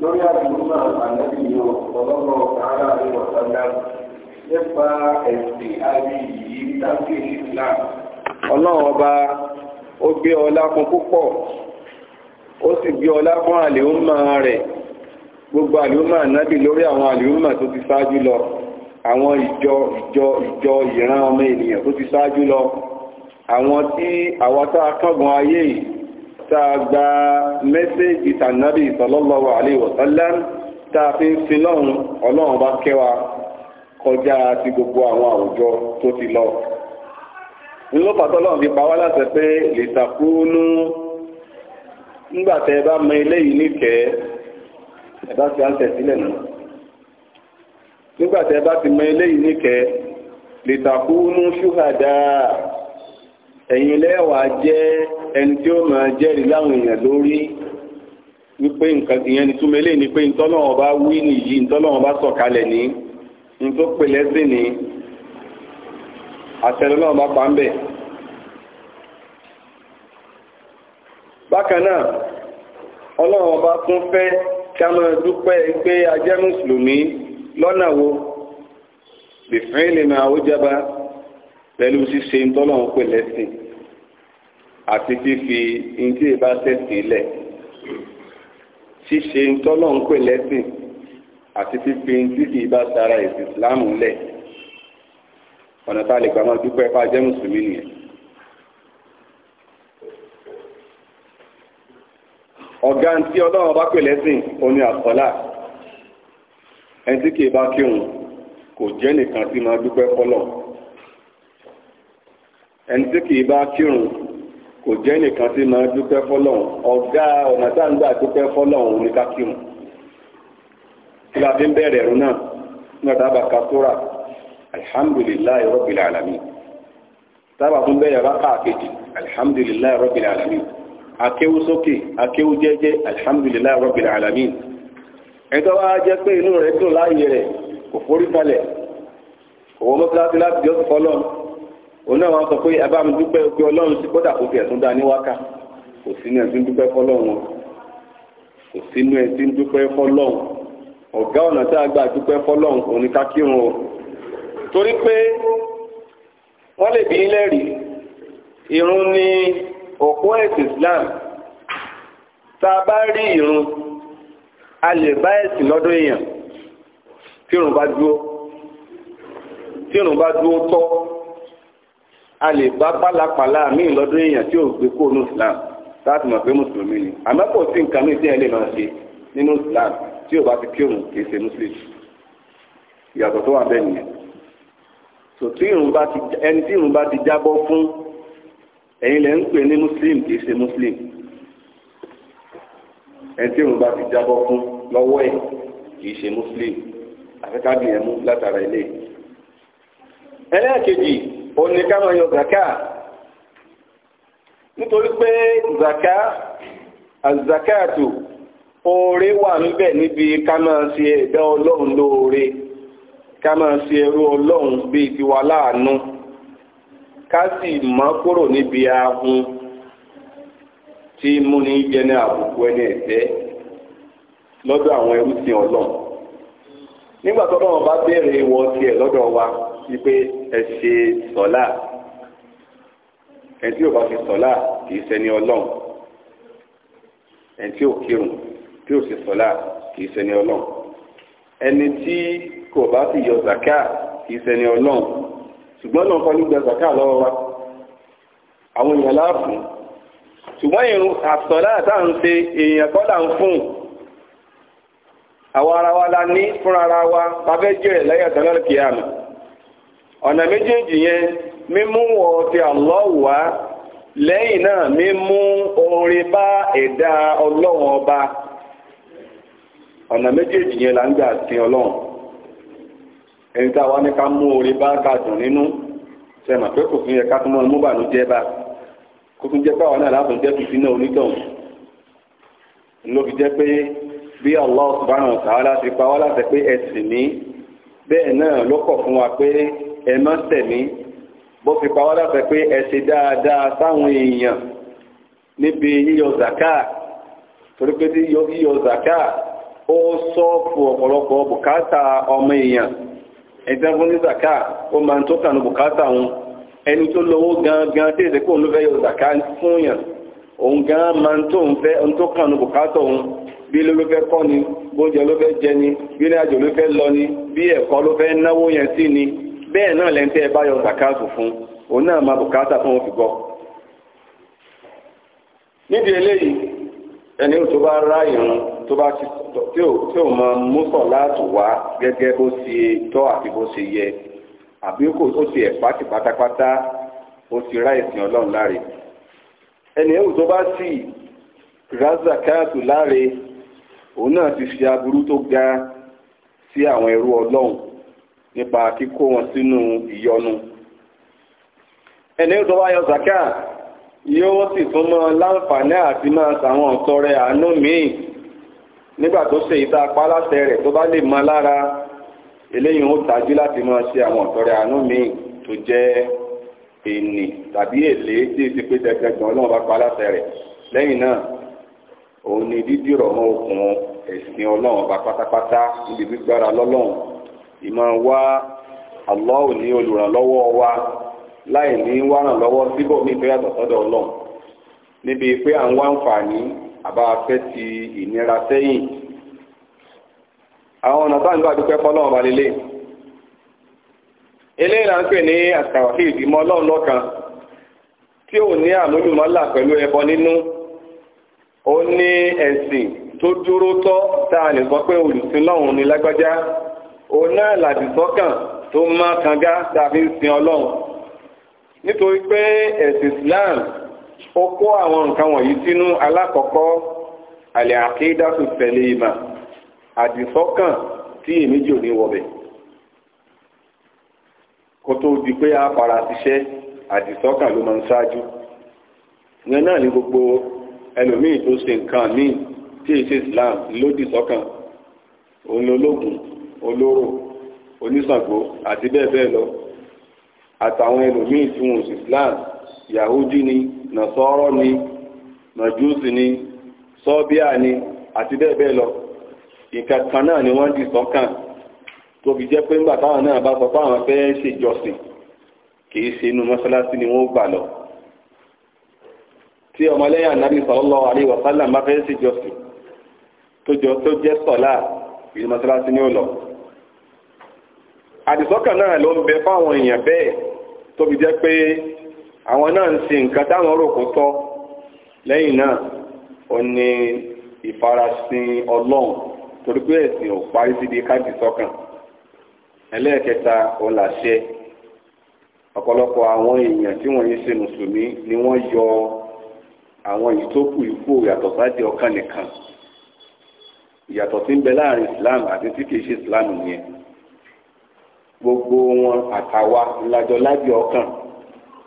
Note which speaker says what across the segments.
Speaker 1: lórí àdúgbò ànábì yìí ọ̀pọ̀lọpọ̀ ọ̀tàrà ní ọ̀sánlá nípa ẹ̀sìn ayé yìí dájú Islam. ọlọ́run ọba ó gbé ọlá fún púpọ̀ ó sì gbé ọlá fún àlèhùnmá rẹ̀ gbogbo àlèhùnmá ànábì lórí àwọn àlèhùnmá tó ti ṣáájú lọ àwọn ìjọ ìjọ ìjọ ìran ọmọ ènìyàn tó ti ṣáájú lọ àwọn tí àwọn tá a kángun ayé yìí tá a gba mẹ́sẹ̀gì tànàbí sallallahu alaihi wasallam tá a fi ń sin lọ́run ọlọ́run bá kẹwa kọjá ti gbogbo àwọn àwùjọ tó ti lọ ńlọ́pàtọ́lọ́run fi pa wá láti pé lè takúnú nígbàtẹ́ bá mọ eléyìí níkẹ̀ẹ́ ẹ̀bá ti áńtẹ̀ sílẹ̀ nù nígbàtẹ́ bá ti mọ eléyìí níkẹ̀ẹ́ lè takúnú ṣúhàdá ẹ̀yin lẹ́wàá jẹ́ ẹni tí ó máa jẹ́rìí láwọn èèyàn lórí wípé ìyẹn ni túmọ̀ eléyìí ni pé ntọ́lọ́wọ́n bá wí nìyí ntọ́lọ́wọ́n bá sọ̀kalẹ̀ ní ntó pè lẹ́sìn ní àtẹnulọ́wọ́n bá pa ń bẹ̀. bákan náà ọlọ́wọ́n bá tún fẹ́ ká máa dúpẹ́ pé a mùsùlùmí lọ́nà wo lè máa ó jábá pẹ̀lú ṣíṣe ntọ́lọ́wọ́n pè lẹ́sìn. àti fífi ntí ìbá sẹ́sìn lẹ̀ ṣíṣe ntọ́lọ̀ ń pè lẹ́sìn àti fífi ntí kì í bá sara ẹ̀sìn ìsìláàmù lẹ̀ ọ̀nà tá a lè gbà máa dúpẹ́ fájẹ́ mùsùlùmí nìyẹn. ọ̀gá ntí ọlọ́run bá pè lẹ́sìn oní àsọ́là ẹni kì í bá kírun kò jẹ́ nìkan tí máa dúpẹ́ fọlọ́ ẹni tí kì í bá kírun kò jẹ́ nìkan tí máa dúpẹ́ fọ́lọ́run ọ̀gá ọ̀nà tá ń gbà dúpẹ́ fọ́lọ́run ní kákìmù tí a fi ń bẹ̀rẹ̀ ẹ̀rù náà nígbà tá a bá ka sóra alihamdulilayi rọ́bìlì alami tá a bá tún bẹ̀rẹ̀ rákà kejì akéwú sókè akéwú jẹ́jẹ́ alihamdulilayi rọ́bìlì alami ẹ̀tọ́ wa jẹ́ pé inú rẹ̀ dùn láàyè rẹ̀ kò forí kalẹ̀ òwò mọ́tíláṣí láti jọ́sìn fọ́lọ́run òun náà wọ́n sọ pé ẹ bá mi dúpẹ́ pé ọlọ́run sí kódà kò fi ẹ̀sùn dá ní wákà kò sínú ẹ̀ tí ń dúpẹ́ fọlọ́run kò sínú ẹ̀ tí dúpẹ́ fọlọ́run ọ̀gá ọ̀nà tá a gbà dúpẹ́ fọlọ́run òun ni o torí pé wọ́n lè bí lẹ́rìí irun ni òkú ẹ̀sìn Islam tá a bá rí irun a lè bá ẹ̀sìn lọ́dọ̀ èèyàn tí irun bá dúró tí irun bá dúró tọ́ a lè bá pálapàla míì lọ́dún èèyàn tí ò gbé kó nù islam láti mọ̀ pé mùsùlùmí ni àmọ́ kò sí nǹkan míì tí ẹ lè máa ṣe nínú islam tí ò bá ti kírun kì í ṣe muslim ìyàtọ̀ tó wà bẹ́ẹ̀ nìyẹn so tí irun bá ti ẹni tí irun bá ti jábọ́ fún ẹ̀yin lẹ́ ń pè ní muslim kì í ṣe muslim ẹni tí irun bá ti jábọ́ fún lọ́wọ́ ẹ̀ kì í ṣe muslim àfikàbí látara ilé ẹlẹ́ẹ̀kejì ó ní ká máa yọ zaka nítorí pé zaka azakaatu oore wà ń bẹ níbi ká máa ṣe ẹ̀dá ọlọ́run lóore ká máa ṣe ẹrú ọlọ́run bíi tiwa láàánú ká sì mọ́ kúrò níbi ahun tí múni jẹ́ ní àbùkù ẹni ẹ̀tẹ́ lọ́dọ̀ àwọn ẹrú sí ọlọ́run nígbà tó lọ́wọ́ bá béèrè ìwọ tiẹ̀ lọ́dọ̀ wa wípé ẹ ṣe sọ́lá ẹni tí yóò bá fi sọ́lá kì í ṣẹni ọlọ́run ẹni tí yóò kírun tí yóò ṣe sọ́lá kì í ṣẹni ọlọ́run ẹni tí kò bá fi yọ zaka kì í ṣẹni ọlọ́run ṣùgbọ́n náà kọ́ ló gba zaka lọ́wọ́ wa àwọn èèyàn láàfún ṣùgbọ́n ìrun àsọ̀lá àtàrùn ṣe èèyàn kọ́ là ń fún àwọn ara wa la ní fúnra ara wa bá fẹ́ jẹ́ ẹ̀ lẹ́yìn àtàlọ́lù kìí àmì ọ̀nà méjèèjì yẹn mímú wọ ti Allah wá lẹ́yìn náà mímú orin bá ẹ̀dá ọlọ́run ọba ọ̀nà méjèèjì yẹn là ń gbà sí ọlọ́run ẹni tá a wá ní ká mú orin bá ká dùn nínú sẹ́mà pé kò fún yẹ ká tún mọ́ mú bànújẹ́ bá kó tún jẹ́ báwọn náà láàbùn jẹ́ tuntun náà onítọ̀hún ló fi jẹ́ pé bí Allah subhanahu wa ta'ala ti pa wá láti pé ẹ̀sìn ní bẹ́ẹ̀ náà ló kọ̀ fún wa pé ẹ má tẹ̀mí bó fi pa wá láṣẹ pé ẹ dáadáa sáwọn èèyàn níbi yíyọ zaka torí pé yíyọ zaka ó sọ́ọ̀fù ọ̀pọ̀lọpọ̀ bùkátà ọmọ èèyàn ẹ̀dán ní zaka ó máa ń tó kànú bùkátà wọn ẹni tó lówó gangan tí èdè kò fẹ́ yọ zaka fún yàn òun gan ma ń tó ń fẹ́ ń tó kànú bùkátà òun bí ló ló fẹ́ kọ́ ni bóúnjẹ ló fẹ́ jẹ ni bí ní àjò ló fẹ́ lọ ni bí ẹ̀kọ́ ló fẹ́ náwó yẹn sí ni bẹ́ẹ̀ náà lẹ́ńtẹ́ ẹ bá yọ fún òun náà ma bùkátà fún òun fi níbi eléyìí ẹni tó bá rá ìrun tó bá tí ò mọ mọ́sọ̀ láti wá gẹ́gẹ́ bó ṣe tọ́ àti bó ṣe yẹ àbí ó pátápátá ó ti rá ìsìn ọlọ́run láre. ẹni ẹ̀wù tó bá sì razakaatu láre òun náà ti fi aburú tó ga sí àwọn ẹrú ọlọ́run nípa kíkó wọn sínú ìyọnu ẹni ẹ̀wù tó bá yọ zakat yóò sì tún mọ láǹfààní àti máa sàwọn ọ̀tọ́ rẹ̀ àánú míì nígbà tó ṣe ìta apáláṣẹ rẹ̀ tó bá lè mọ lára eléyìí ó tajú láti máa ṣe àwọn ọ̀tọ́ rẹ̀ àánú míì tó jẹ́ ènì tàbí èlé tí èsì pé dẹgbẹgbọn Ọlọ́run bá pa aláṣẹ rẹ̀ lẹ́yìn náà òun ni dídìrọ̀ mọ́ okùn ẹ̀sìn Ọlọ́run bá pátápátá níbi gbígbára lọ́lọ́run ìmọ̀ wá Allah ní olùrànlọ́wọ́ wa láì ní wárànlọ́wọ́ síbòmíì tó yàtọ̀ sọ́dọ̀ Ọlọ́run níbi pé à ń wá àǹfààní àbá fẹ́ ti ìnira sẹ́yìn àwọn ọ̀nà táwọn ìgbà dúpẹ́ fọlọ́run balẹ̀ lẹ́yìn eléyìí là ń pè ní àtàwáhìd ìmọ̀ ọlọ́run lọ́kan tí ò ní àmúlùmọ́là pẹ̀lú ẹbọ nínú ó ní ẹ̀sìn tó dúró tọ́ tá a lè sọ pé olùsìn lọ́hùn ní lágbájá òun náà làdìsọ́kàn tó má kanga tá a fi ń sin ọlọ́run nítorí pé ẹ̀sìn Islam ó kó àwọn nǹkan wọ̀nyí sínú alákọ̀ọ́kọ́ àlẹ́ àkéédásù tẹ̀lé ìmà àdìsọ́kàn tí èmi jò ní wọ̀bẹ̀. kó tó di pé a fara ṣiṣẹ́ àdìsọ́kàn ló máa ń ṣáájú ìyẹn náà ní gbogbo ẹlòmíì tó ṣe nǹkan míì tí èsì Islam lòdì sọ́kàn òun lológun olóró onísàngó àti bẹ́ẹ̀ bẹ́ẹ̀ lọ àtàwọn ẹlòmíì tí wọn sì Islam Yahudi ni nàṣọ́rọ́ ni nàjúùsì ni sọ́bíà ni àti bẹ́ẹ̀ bẹ́ẹ̀ lọ nǹkan kan náà ni wọ́n dì sọ́kàn tóbi jẹ́ pé ńgbà táwọn náà bá sọ pé àwọn fẹ́ ṣèjọsìn kì ṣe inú mọ́ṣáláṣí ni wọ́n gbà lọ tí ọmọlẹ́yìn anabi sallallahu alaihi wa sallam bá fẹ́ ṣèjọsìn tó jọ tó jẹ́ sọ̀lá ìlú mọ́ṣáláṣí ni ó lọ àdìsọ́kàn náà ló ń bẹ fáwọn èèyàn bẹ́ẹ̀ tóbi jẹ́ pé àwọn náà ń ṣe nǹkan táwọn rò kó tọ́ lẹ́yìn náà ó ní ìfarasin ọlọ́run torí pé ẹ̀sìn ò parí síbi káàdì sọ́kàn ẹlẹ́ẹ̀kẹta ọ̀làṣẹ ọ̀pọ̀lọpọ̀ àwọn èèyàn tí wọ́n yé ṣe mùsùlùmí ni wọ́n yọ àwọn ìtókù ikú yàtọ̀ sáàdì ọkàn nìkan ìyàtọ̀ tí ń bẹ láàrin Islam àti tí kìí ṣe Islam nìyẹn gbogbo wọn àtàwa ńlájọ lábì ọkàn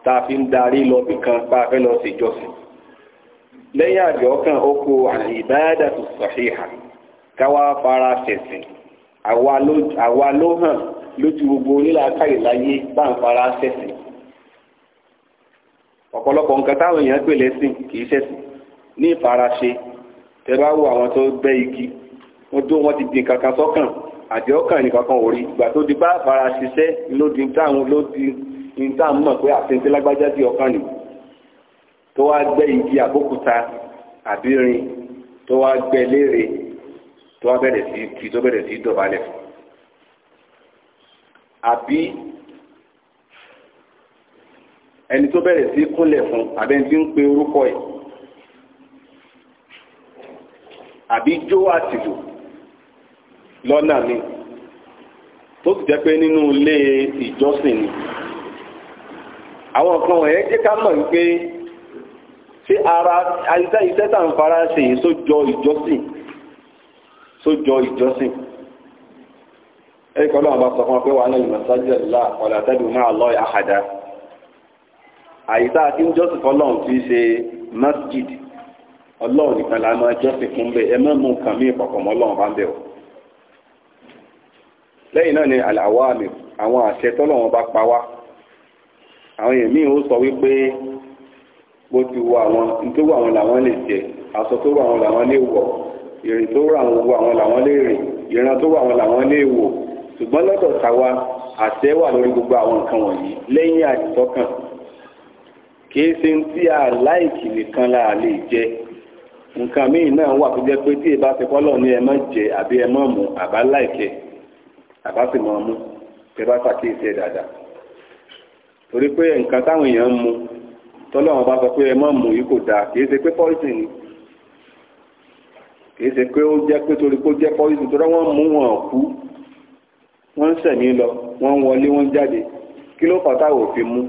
Speaker 1: tá a fi ń darí lọ bìkan bá a fẹ́ lọ ṣèjọsìn lẹ́yìn àjọ ọkàn ó kó al-ibadatu káwá fara ṣẹ̀sìn àwa ló hàn lójú gbogbo onílàákàyè láyé bá ń fara ṣẹ̀sìn ọ̀pọ̀lọpọ̀ nǹkan táwọn èèyàn pè lẹ́sìn kì í ṣẹ̀sìn ní ìfaraṣe tẹ bá wo àwọn tó bẹ́ igi wọ́n dó wọ́n ti di nǹkan kan sọ́kàn àti ọkàn nìkan kan ò rí ìgbà tó di bá faraṣiṣẹ́ ló di táwọn ló di ní táwọn mọ̀ pé àtẹ̀ntẹ́ lágbájá di ọkàn nì tó wá gbẹ́ igi àbókúta àbírin tó wá gbẹ́ léèrè tó wá bẹ̀rẹ̀ sí kì tó bẹ̀rẹ̀ sí dọ̀bálẹ̀ fún àbí ẹni tó bẹ̀rẹ̀ sí kúnlẹ̀ fún àbẹ́ni tí ń pe orúkọ ẹ̀ àbí jó àtìlù lọ́nà mi tó sì jẹ́ pé nínú ilé ìjọsìn ni àwọn kan ẹ̀ jẹ́ ká mọ̀ wípé tí ara àìsá iṣẹ́ tàn fara ṣe yìí sójọ ìjọsìn sójọ ìjọsìn. ẹ̀rí kọ́ bá sọ fún ọ pé wà ní ìmọ̀sájẹ́ ìlà ọ̀là máa lọ àhàdá àyíká tí ó jọ́sìn fọlọ́run tí í ṣe masjid ọlọ́run nìkan la jọ́sìn fún bẹ́ẹ̀ ẹ má mú bẹ̀ lẹ́yìn náà àmì àwọn bá pa wá àwọn sọ wípé làwọn lè jẹ ìran tó làwọn ṣùgbọ́n lọ́dọ̀ tàwa àṣẹ wà lórí gbogbo àwọn nǹkan wọ̀nyí lẹ́yìn àdìsọ́kàn kìí ṣe ń tí a láìkì nìkan la lè jẹ nǹkan míì náà wà tó jẹ́ pé tí ìbá ti kọ́ lọ́ọ̀ ní ẹ má jẹ àbí ẹ má mu àbá láìkẹ àbá sì mọ̀ mú tẹ bá ṣàkíyèsí ẹ dáadáa torí pé nǹkan táwọn èèyàn ń mu tọ́lọ́wọ́n bá sọ pé ẹ má mu yìí kò dáa kìí ṣe pé pọ́ìsì ni kìí ṣe pé ó jẹ́ pé torí pé ó jẹ́ pọ́ìsì torí wọ́n mú wọn kú wọ́n ń sẹ̀mí lọ wọ́n ń wọlé wọ́n ń jáde kí ló pàtà òfin mú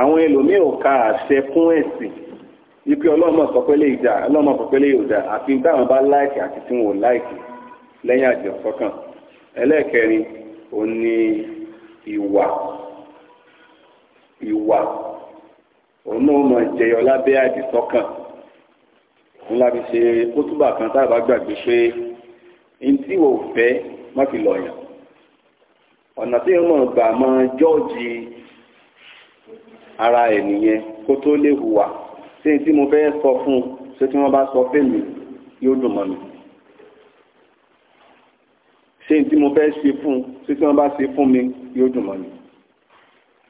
Speaker 1: àwọn ẹlòmíì ò ka àṣẹ fún ẹ̀sìn wípé ọlọ́mọ sọpẹ́lẹ̀ ìjà ọlọ́mọ sọpẹ́lẹ̀ ìjà àfi táwọn bá láìkì àti tí wọn ò láìkì lẹ́yìn àjọ sọ́kàn ẹlẹ́ẹ̀kẹrin ò ní ìwà ìwà òun náà mọ̀ jẹyọ lábẹ́ àdìsọ́kàn ńlá ṣe kótúbà kan tá a bá gbàgbé pé ntí wò fẹ́ má fi lọ̀yàn ọ̀nà tí wọ́n gbà mọ jọ́ọ̀jì ara ẹ̀ nìyẹn kó tó lè hùwà tí tí mo fẹ́ sọ fún un ṣé tí wọ́n bá sọ fún mi yóò dùn mọ́ mi ṣé tí mo fẹ́ ṣe fún un ṣé tí wọ́n bá ṣe fún mi yóò dùn mọ́ mi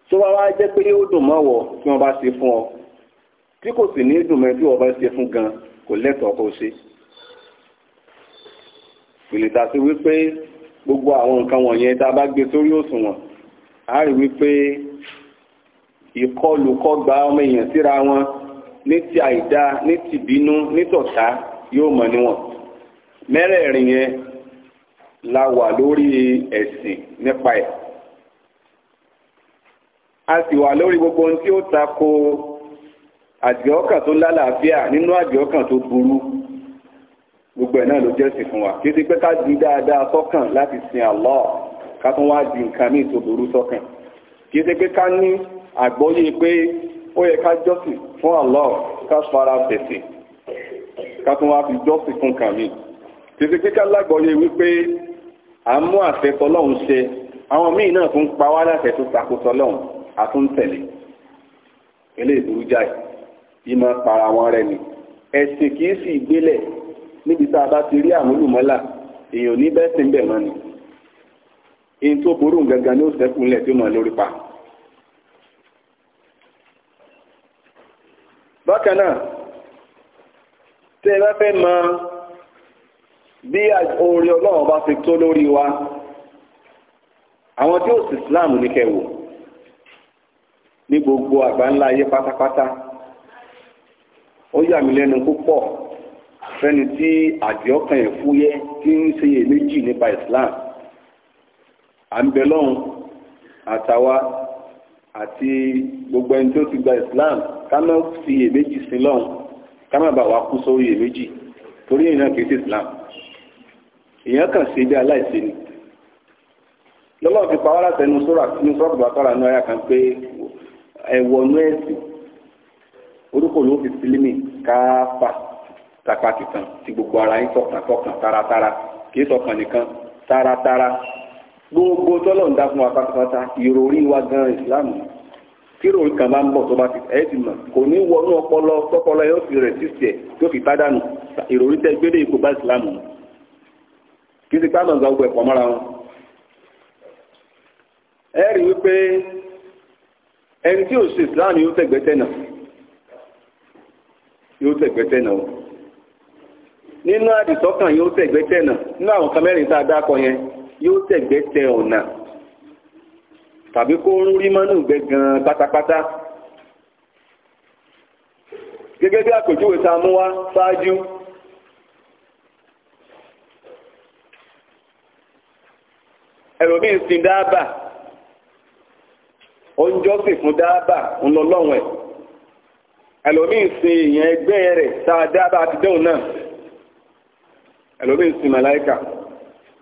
Speaker 1: tó bá wá jẹ́ pé yóò dùn mọ́ wọ tí wọ́n bá ṣe fún ọ tí kò sì ní dùn mọ́ tí wọ́n bá ṣe fún gan kò lẹ́tọ̀ọ́ kó ṣe. pèlè sí wípé gbogbo àwọn nǹkan wọ̀nyẹn tá a bá gbé sórí òṣùwọ̀n a rí wípé ìkọlùkọgba ọmọ èèyàn síra wọn ní ti àìdá ní ti bínú ní yóò mọ̀ níwọ̀n mẹ́rẹ̀ẹ̀rin yẹn la wà lórí ẹ̀sìn nípa ẹ̀ a sì wà lórí gbogbo ohun tí ó tako àdìọ́kàn tó lálàáfíà nínú àdìọ́kàn tó burú gbogbo ẹ̀ náà ló jẹ́ sí fún wa kí ti pé ká di dáadáa sọ́kàn láti sin Allah ká tún wá di nǹkan ní ìtòbòrú sọ́kàn kí ti pé ká ní àgbọ́yé pé ó yẹ ká jọ́sìn fún Allah ká fara bẹ̀sìn ká tún wá fi jọ́sìn fún kàn mí kí ti pé ká lágbọ́yé wípé à ń mú àfẹ́sọ lọ́hùn ṣe àwọn míì náà tún pa wá láfẹ́ tó takòsọ lọ́hùn àtúntẹ̀lé eléyìí burú jáì ìmọ̀ para wọn rẹ ni ẹ̀sìn kìí sì gbélẹ̀ níbi tá a bá ti rí àmúlùmọ́là èèyàn ní bẹ́ẹ̀ sí ń bẹ̀ mọ́ ni èyí tó burú gangan ní òsẹ́kùnlẹ̀ tí ó mọ̀ lórí pa. bákan náà tí ẹ bá fẹ́ mọ bí oore ọlọ́run bá fi tó lórí wa àwọn tí ó sì Islam ní kẹwò ní gbogbo àgbáńlá ayé pátápátá ó yà mí lẹ́nu púpọ̀ fẹ́ni tí àdìọ́kàn ẹ̀ fúyẹ́ tí ń ṣe èméjì nípa Islam àǹbẹ̀lọ́hún àtàwa àti gbogbo ẹni tó ti gba Islam ká má fi èméjì sí lọ́hún ká má bàa wá kú sórí èméjì torí èèyàn kì í sí Islam èèyàn kàn ṣe bí aláìsí ni lọ́lọ́ọ̀ fi pa wá látẹnu sọ́ra nínú sọ́ọ̀tù bàtàrà náà yà kan pé ẹ̀wọ̀nú ẹ̀sìn orúkọ ló fi sílímì káfà tapá titan ti gbogbo ara yín tọkàntọkàn taratara kì í tọkàn nìkan taratara gbogbo tọ́lọ̀ ń dá fún wa pátápátá ìròrí wa gan ìsìlámù tí ìròyìn kan bá ń bọ̀ tó bá ti ẹ̀ ti mọ̀ kò ní wọnú ọpọlọ tọpọlọ yóò fi rẹ̀ sí tiẹ̀ yóò fi pádànù ìròrí tẹ gbélé ipò bá ìsìlámù kì í ti pàmò ìgbà gbogbo ẹ̀pọ̀ mọ́ra wọn. ẹ rí i wípé ẹni tí ò ṣe ìsìlámù yóò tẹ̀gbẹ́tẹ̀ náà yóò tẹ̀gbẹ́tẹ̀ náà nínú àdìsọ́kàn yóò tẹ̀gbẹ́ tẹ̀nà ní àwọn kan mẹ́rin tá yẹn yóò tẹ̀gbẹ́ tẹ ọ̀nà tàbí kó ń rí mọ́nù gbẹ gan pátápátá gẹ́gẹ́ bí àpèjúwe tá a mú wá ṣáájú ẹlòmíì ń sin dáàbà oúnjẹ sì fún dáàbà ńlọlọ́wọ̀n ẹ̀ ẹlòmíì ìyẹn ẹgbẹ́ rẹ̀ taa dáàbà ti dẹ́hùn náà ẹlòmíín sin màláìkà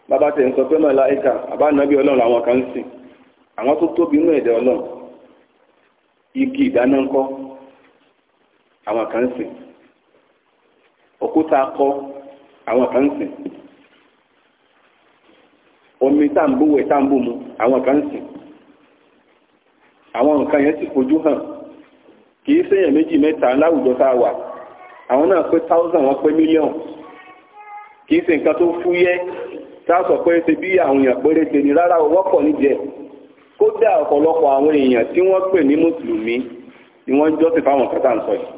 Speaker 1: bàbá tẹ̀ ń sọ pé màláìkà àbá nàbí ọlọ́run làwọn kan ń sìn àwọn tó tóbi inú ẹ̀dẹ̀ ọlọ́run igi ìdáná ńkọ́ àwọn kan ń sìn òkúta akọ àwọn kan ń sìn omi táǹbùwẹ̀ táǹbùmu àwọn kan ń sìn àwọn nǹkan yẹn ti fojú hàn kì í ṣèyàn méjì mẹ́ta láwùjọ tá a wà àwọn náà pé táùsàn wọn pé mílíọ̀nù kì í ṣe nǹkan tó fúyẹ́ tá a sọ pé ṣe bí àwọn èèyàn péréte ni rárá wọ́pọ̀ níjẹ́ kódà ọ̀pọ̀lọpọ̀ àwọn èèyàn tí wọ́n pè ní mùsùlùmí ni wọ́n ń jọ́sìn fáwọn kan tá à ń sọ yìí.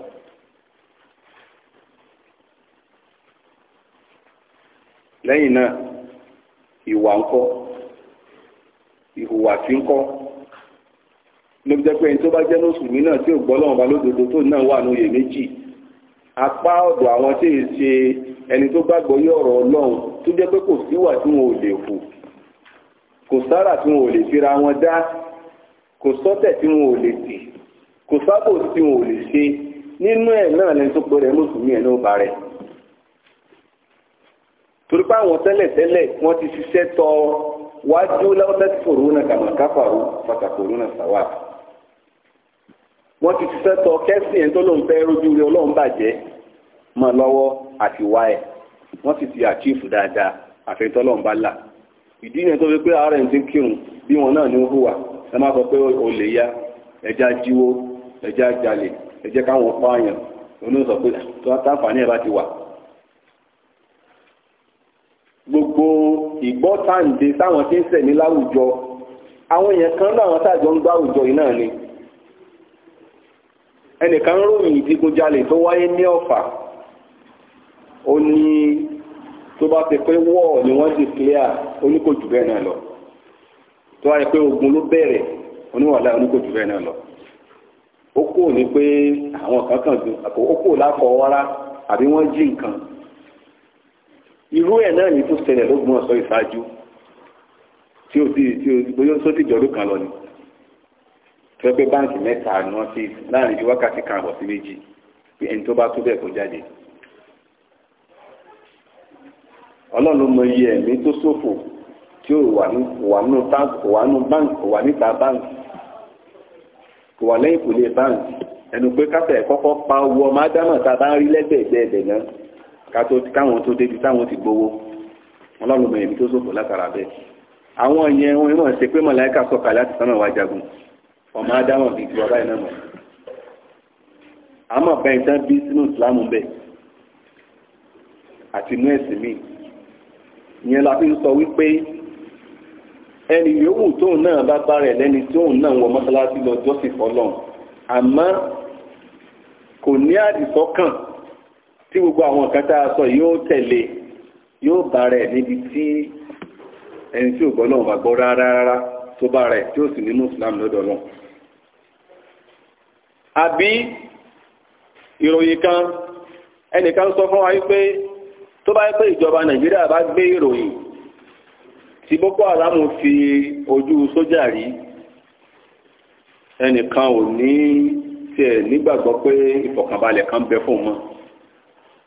Speaker 1: lẹ́yìn náà ìwà ńkọ́ ìhùwàsí ńkọ́ ló jẹ́ pé ẹni tó bá jẹ́ mùsùlùmí náà tí ò gbọ́ lọ́wọ́ bá tó náà wà lóye méjì apá ọ̀dọ̀ àwọn tí ì ṣe ẹni tó gbàgbọ́ yí ọ̀rọ̀ ọlọ́run tó jẹ́ pé kò síwà tí wọn ò lè hù kò sára tí wọn ò lè fira wọn dá kò sọ́tẹ̀ tí wọn ò lè tì kò sábò tí wọn ò lè ṣe nínú ẹ̀ náà lẹni tó pẹ̀rẹ̀ mùsùlùmí ẹ̀ náà bá torí pé àwọn tẹ́lẹ̀tẹ́lẹ̀ wọ́n ti ṣiṣẹ́ tọ wájú láwọ́tẹ́tì fòrónà kàmàkáfàrú pàtàkòrónà sàwà wọ́n ti ṣiṣẹ́ tọ kẹ́sìn ẹ̀ tó lóun fẹ́ rójú rẹ̀ ọlọ́run bàjẹ́ mọ́ lọ́wọ́ àti wá ẹ̀ wọ́n sì ti àchífù dáadáa àfẹ́tọ́lọ́n bá là ìdí yẹn tó fi pé ara ẹ̀ ti ń kírun bí wọn náà ní hùwà ẹ má sọ pé o lè ya ẹja jíwó ẹja jalè ẹjẹ káwọn pààyàn onísọ pé táǹfààní ẹ bá ti wà gbogbo ìgbọ́tàǹde táwọn tí ń sẹ̀ ní láwùjọ àwọn èèyàn kan láwọn táàjọ ń gbá yìí náà ni ẹnìkan ròyìn ìdígunjalè tó wáyé ní ọ̀fà ó ní tó bá fi pé wọ́ọ̀ ni wọ́n declare oníkòjù bẹ́ẹ̀ náà lọ tó wáyé pé ogun ló bẹ̀rẹ̀ oníwàlá oníkòjù bẹ́ẹ̀ náà lọ ó kò ní pé àwọn kan kàn dùn ó kò lákọ̀ọ́ wárá àbí wọ́n jí nǹkan irú ẹ̀ náà ní tó ṣẹlẹ̀ lógun ọ̀sọ́ ìṣáájú tí ó ti tí ó bóyá ó sọ́tì ìjọ́dún kan lọ ni tó pé báǹkì mẹ́ta ni wọ́n ti láàrin ju wákàtí kan àbọ̀ sí méjì pé ẹni tó bá tó bẹ́ẹ̀ kó jáde ọlọ́run ló mọ iye ẹ̀mí tó ṣòfò tí ó wà nù báńkì kò wà níta báńkì kò wà lẹ́yìn kò lè báńkì ẹnu pé káfẹ́ kọ́kọ́ pa owó ọmọ ádámọ̀ tá a bá ń rí lẹ́gbẹ̀ẹ́gbẹ́ ẹ̀bẹ̀ náà káwọn tó débi táwọn ti gbowó ọlọ́run mọ ẹ̀mí tó ṣòfò látara bẹ́ẹ̀ àwọn yẹn wọn mọ̀ ṣe pé mọ̀láyíká sọ̀kà láti sánà wá jagun ọmọ ádámọ̀ bíi ti ọba ìnáwó àmọ́ bẹ́ẹ̀ tán bí sínú ìsìlámù bẹ́ẹ̀ àti inú ẹ̀sìn míì ìyẹn la fi sọ wípé ẹni yòówù tóun náà bá bá rẹ̀ lẹ́ni tóun náà wọ mọ́sálásí lọ jọ́sìn fọlọ́n àmọ́ kò ní àdìsọ́kàn tí gbogbo àwọn nǹkan tá a sọ yóò tẹ̀lé yóò bá rẹ̀ níbi tí ẹni tí ò gbọ́ wà gbọ́ rárá tó bá rẹ̀ tí ó sì ní mùsùlùmí lọ́dọ̀ náà. àbí ìròyìn kan ẹnìkan sọ fún wa wípé tó bá yẹ pé ìjọba nàìjíríà bá gbé ìròyìn tí boko haram fi ojú sójà rí ẹnìkan ò ní tiẹ̀ nígbàgbọ́ pé ìfọ̀kànbalẹ̀ kan bẹ fún un mọ́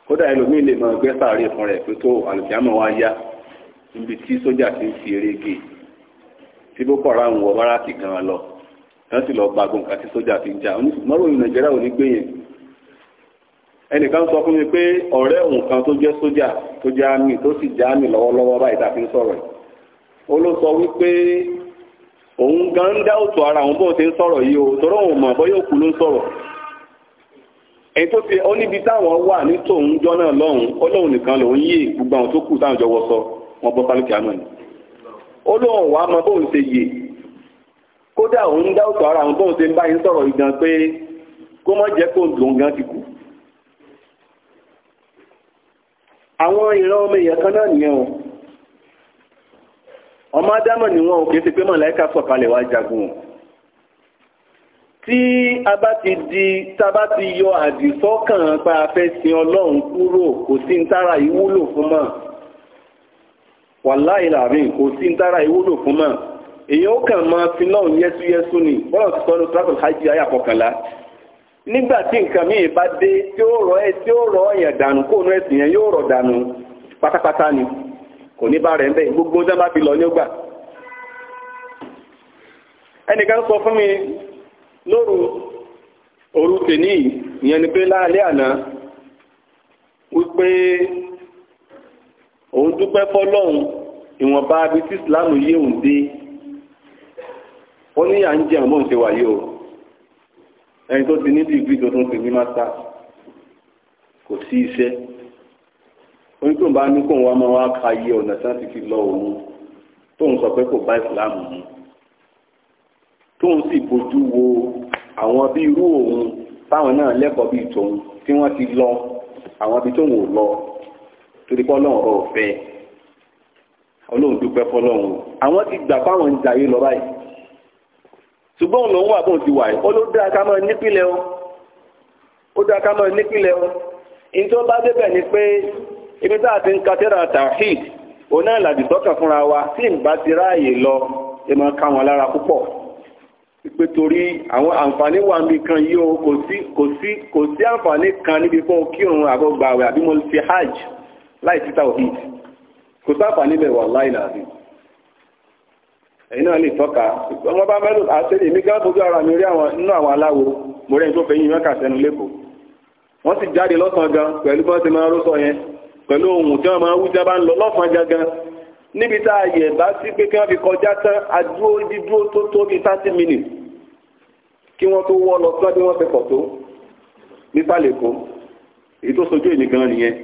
Speaker 1: kódà ẹlòmíín lè máa gbé sáré fún rẹ̀ pé tó àlùfíàmọ̀ wá yá níbi tí sójà ti ń fi eré tí boko haram wọ báràkì gan lọ wọ́n lọ gba gbọǹkà sójà fi ń jà oníṣùgbọ́n ròyìn nàìjíríà ò ní gbé yẹn ẹnìkan sọ fún mi pé ọ̀rẹ́ òun kan tó jẹ́ sójà tó jẹ́ àmì tó sì jẹ́ àmì lọ́wọ́lọ́wọ́ báyìí tàbí sọ̀rọ̀ yìí ó ló sọ wípé òun gan ń dá òtò ara òun bóun ti ń sọ̀rọ̀ yìí o tọ́rọ òun mọ̀ bọ́yọ̀ òkú ló ń sọ̀rọ̀ èyí tó ti ó níbi táwọn wà ní tòun jọ náà lọ́hùn ó lóun nìkan lòun yí gbogbo àwọn tó kù táwọn jọ wọ wọn bọ́ pálíkì àná ni ó lóun wàá mọ bóun ṣe yè kódà òun dá òtò ara òun bóun ti ń bá yín sọ̀rọ̀ yìí gan pé kó mọ̀ jẹ́ kó lòun gan ti kù àwọn ìran ọmọ èèyàn kan náà nìyẹn o ọmọ adámọ̀ ni wọn ò kìí ṣe pé mọ̀láíkà sọ̀kalẹ̀ wá jagun tí a bá ti di tá a bá ti yọ àdìsọ́kàn pa afẹ́ sin ọlọ́run kúrò kò sí ń tára ìwúlò fún mọ́ wàláì làrin kò sí ń tára ìwúlò fún mọ́ èèyàn ó kàn máa fi náà yẹ́súyẹ́sú ni bọ́lá nígbàtí tí nǹkan míì bá dé tí ó rọ ẹ tí ó rọ ọyàn dànù yẹn yóò rọ dànù pátápátá ni kò ní bá rẹ̀ ń gbogbo tẹ́ bá fi lọ nígbà ẹnìkan sọ fún mi lóru òru tèní ìyẹn ni pé àná wípé òun islam dé o ẹni tó ti ní dìgírì tó tún ti ní mátà kò sí iṣẹ́ oní tó ń bá ní kóun wá máa wá ka iye ọ̀nà tí wọ́n ti fi lọ òun tóun sọ pé kò bá ìsìláàmù mu tóun sì bójú wo àwọn bí irú òun táwọn náà lẹ́kọ̀ọ́ bíi tòun tí wọ́n ti lọ àwọn ibi tóun ò lọ torí pé ọlọ́run ọ̀fẹ́ ọlọ́run dúpẹ́ fọlọ́run àwọn ti gbà fáwọn ń jayé lọ báyìí ṣùgbọ́n òun lòun wà bóun ti wà yìí ó ló dáa ká máa nípìnlẹ̀ o ó dáa ká máa nípìnlẹ̀ o ìyẹn tó bá débẹ̀ ni pé ibi tá a ti ń ka tẹ́ra tawhid òun náà làdì tọ́kàn fúnra wa tí n bá ti ráàyè lọ ẹ máa ká wọn lára púpọ̀ pé torí àwọn àǹfààní wà níbi kan yìí o kò sí kò sí kò sí àǹfààní kan níbi fún kírun àgọ́gbàwẹ̀ àbí mo fi hajj láì sí tawhid kò sáǹfààní bẹ̀ wà láì ẹ̀yin náà lè tọ́ka ọmọ bá bá lò àtẹ́lẹ̀ èmi gán fojú ara mi rí àwọn nínú àwọn aláwo mo rẹ́ni tó fẹ́yìn mẹ́ka sẹ́nu lẹ́kọ̀ọ́ wọ́n sì jáde lọ́sàn gan pẹ̀lú bọ́n ti máa ró yẹn pẹ̀lú ohun tí wọ́n máa wú jábá ń lọ lọ́sàn gangan níbi tá a yẹ̀ bá sí pé kí wọ́n fi kọjá tán adúró dídúró tó tó bí thirty minutes kí wọ́n tó wọ́ lọ sọ́dún wọ́n fi pọ̀ tó nípa lẹ́kọ̀ọ́ èyí tó sojú èmi gan nìyẹn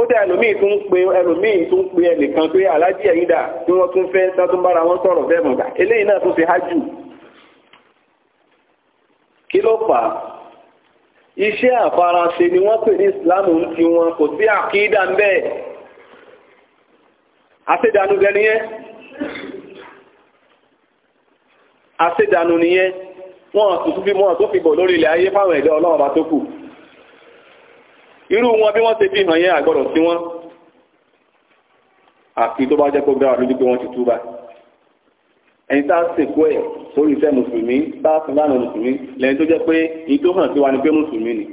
Speaker 1: kódà ẹlòmíì tún pe ẹlòmíì tún pe ẹnìkan pé aláàjì ẹ̀yìn dà tí wọ́n tún fẹ́ sátún bára wọn sọ̀rọ̀ bẹ́ẹ̀ mọ̀gbà eléyìí náà tún ti hájù kí ló fà á iṣẹ́ àfaraṣe ni wọ́n pè ní ìsìláàmù ń ti wọn kò sí àkídà ń bẹ́ẹ̀ àṣedànù gẹ nìyẹn àṣedànù nìyẹn wọn àtúntún bí wọn tó fi bọ̀ lórí ilẹ̀ ayé fáwọn ẹ̀dọ́ ọlọ́ọ̀bá tó kù irú wọn bí wọ́n ṣe fi hàn yẹn àgbọ̀dọ̀ sí wọn àfi tó bá jẹ́ kó gbára lójú pé wọ́n ti túbà ẹni tá a sìnkú ẹ̀ sórí iṣẹ́ mùsùlùmí bá a fún lánàá mùsùlùmí lẹ́yìn tó jẹ́ pé ní tó hàn sí wa ni pé mùsùlùmí ni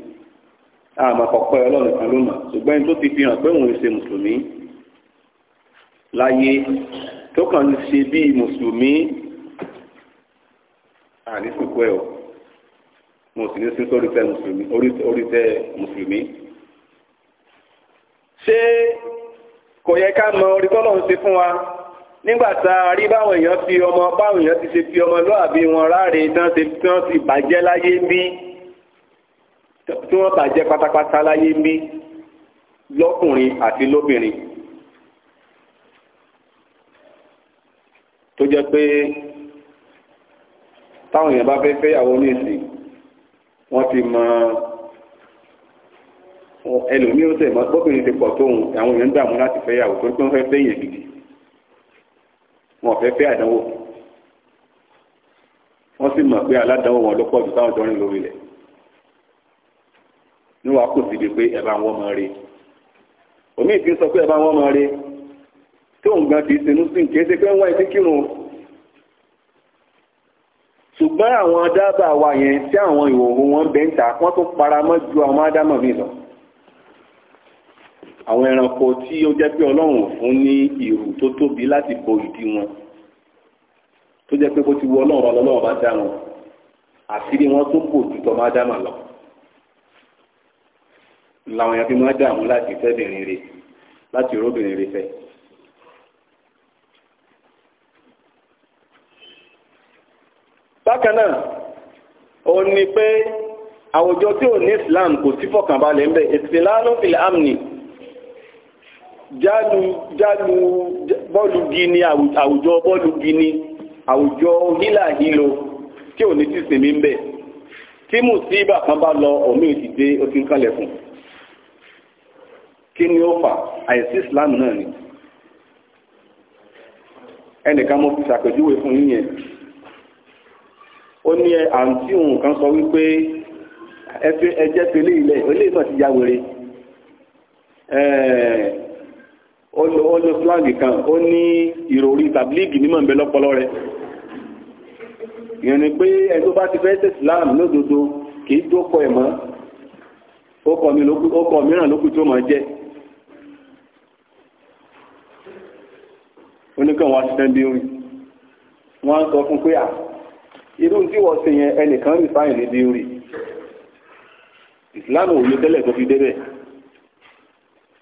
Speaker 1: àmọ́ kọ̀kọ́ ẹ̀ ọlọ́run kan ló mà ṣùgbọ́n ẹni tó ti fi hàn pé òun ṣe mùsùlùmí láyé tó kàn ń ṣe bíi mùsùlùmí àní sìnkú ẹ̀ o mo sí sórí iṣẹ́ mùsùlùmí ṣé kò yẹ ká mọ orí tọ́lọ̀ ń ṣe fún wa nígbà tá a rí báwọn èèyàn fi ọmọ báwọn èèyàn ti ṣe fi ọmọ lọ́àbí wọn ráre tán ṣe tí wọ́n ti bàjẹ́ láyé bí tí wọ́n bàjẹ́ pátápátá láyé bí lọ́kùnrin àti lóbìnrin tó jẹ́ pé táwọn èèyàn bá fẹ́ fẹ́yàwó ní ìsìn wọ́n ti mọ ẹlòmíì ó tẹ̀ mọ́ bọ́bìnrin ti pọ̀ tóun àwọn èèyàn ń dààmú láti fẹ́ yàwó tó ń pẹ́ fẹ́ yẹn gidi wọn fẹ́ fẹ́ àdánwò wọ́n sì mọ̀ pé aládánwò wọn ló pọ̀ ju táwọn jọrin lórí rẹ̀ níwà kò sí di pé ẹ bá wọn mọ re omi ìfi sọ pé ẹ bá wọn mọ re tóun gan ti sinú sí kì í ṣe pé ń wá ẹtí kírun ṣùgbọ́n àwọn adábàá wa yẹn tí àwọn ìhòòhò wọn bẹ́ńtà wọ́n tún para mọ́ ju àwọn ádámọ̀ mi lọ àwọn ẹranko tí ó jẹ́ pé ọlọ́run fún ní ìrù tó tóbi láti bo ìdí wọn tó jẹ́ pé bó ti wọ ọlọ́run ọlọ́run bá dá wọn àṣírí wọn tó kò ju tọ́ máa dá mà lọ làwọn èèyàn fi máa dààmú láti fẹ́bìnrin rẹ̀ láti róbìnrin rẹ̀ fẹ́. bákan náà ó ní pé àwùjọ tí ò ní Islam kò sí fọkànbalẹ̀ ń bẹ ìsìláàánú fìlà amni jánu jánu bọ́ọ̀lù gini àwùjọ bọ́ọ̀lù gini àwùjọ hílàhílo tí ò ní sí sinmi ń bẹ̀ tí mù sí ibà kan bá lọ ọ̀mí òtìdé ó ti ń kalẹ̀ fún kí ni ó fà àìsí islam náà ni ẹnìkan mo fi ṣàpèjúwe fún yíyẹn ó ní àǹtí òun kan sọ wípé ẹjẹ́ pẹ̀lú ilẹ̀ ilé náà ti ya wèrè ọjọ́ flag kan ó ní ìròrí tàbílígì mímọ̀ ìbẹ̀ lọ́pọlọ rẹ̀ ìyẹn ni pé ẹni tó bá ti fẹ́ ṣe Islam lódodo kì í tó kọ ẹ̀ mọ́ ó kọ mìíràn lókù tó máa jẹ́ oníkan wọn aṣiṣẹ́ bí orin wọ́n á sọ fún pé à irú tí wọ́n ṣe yẹn ẹnìkan rí fáyìn níbi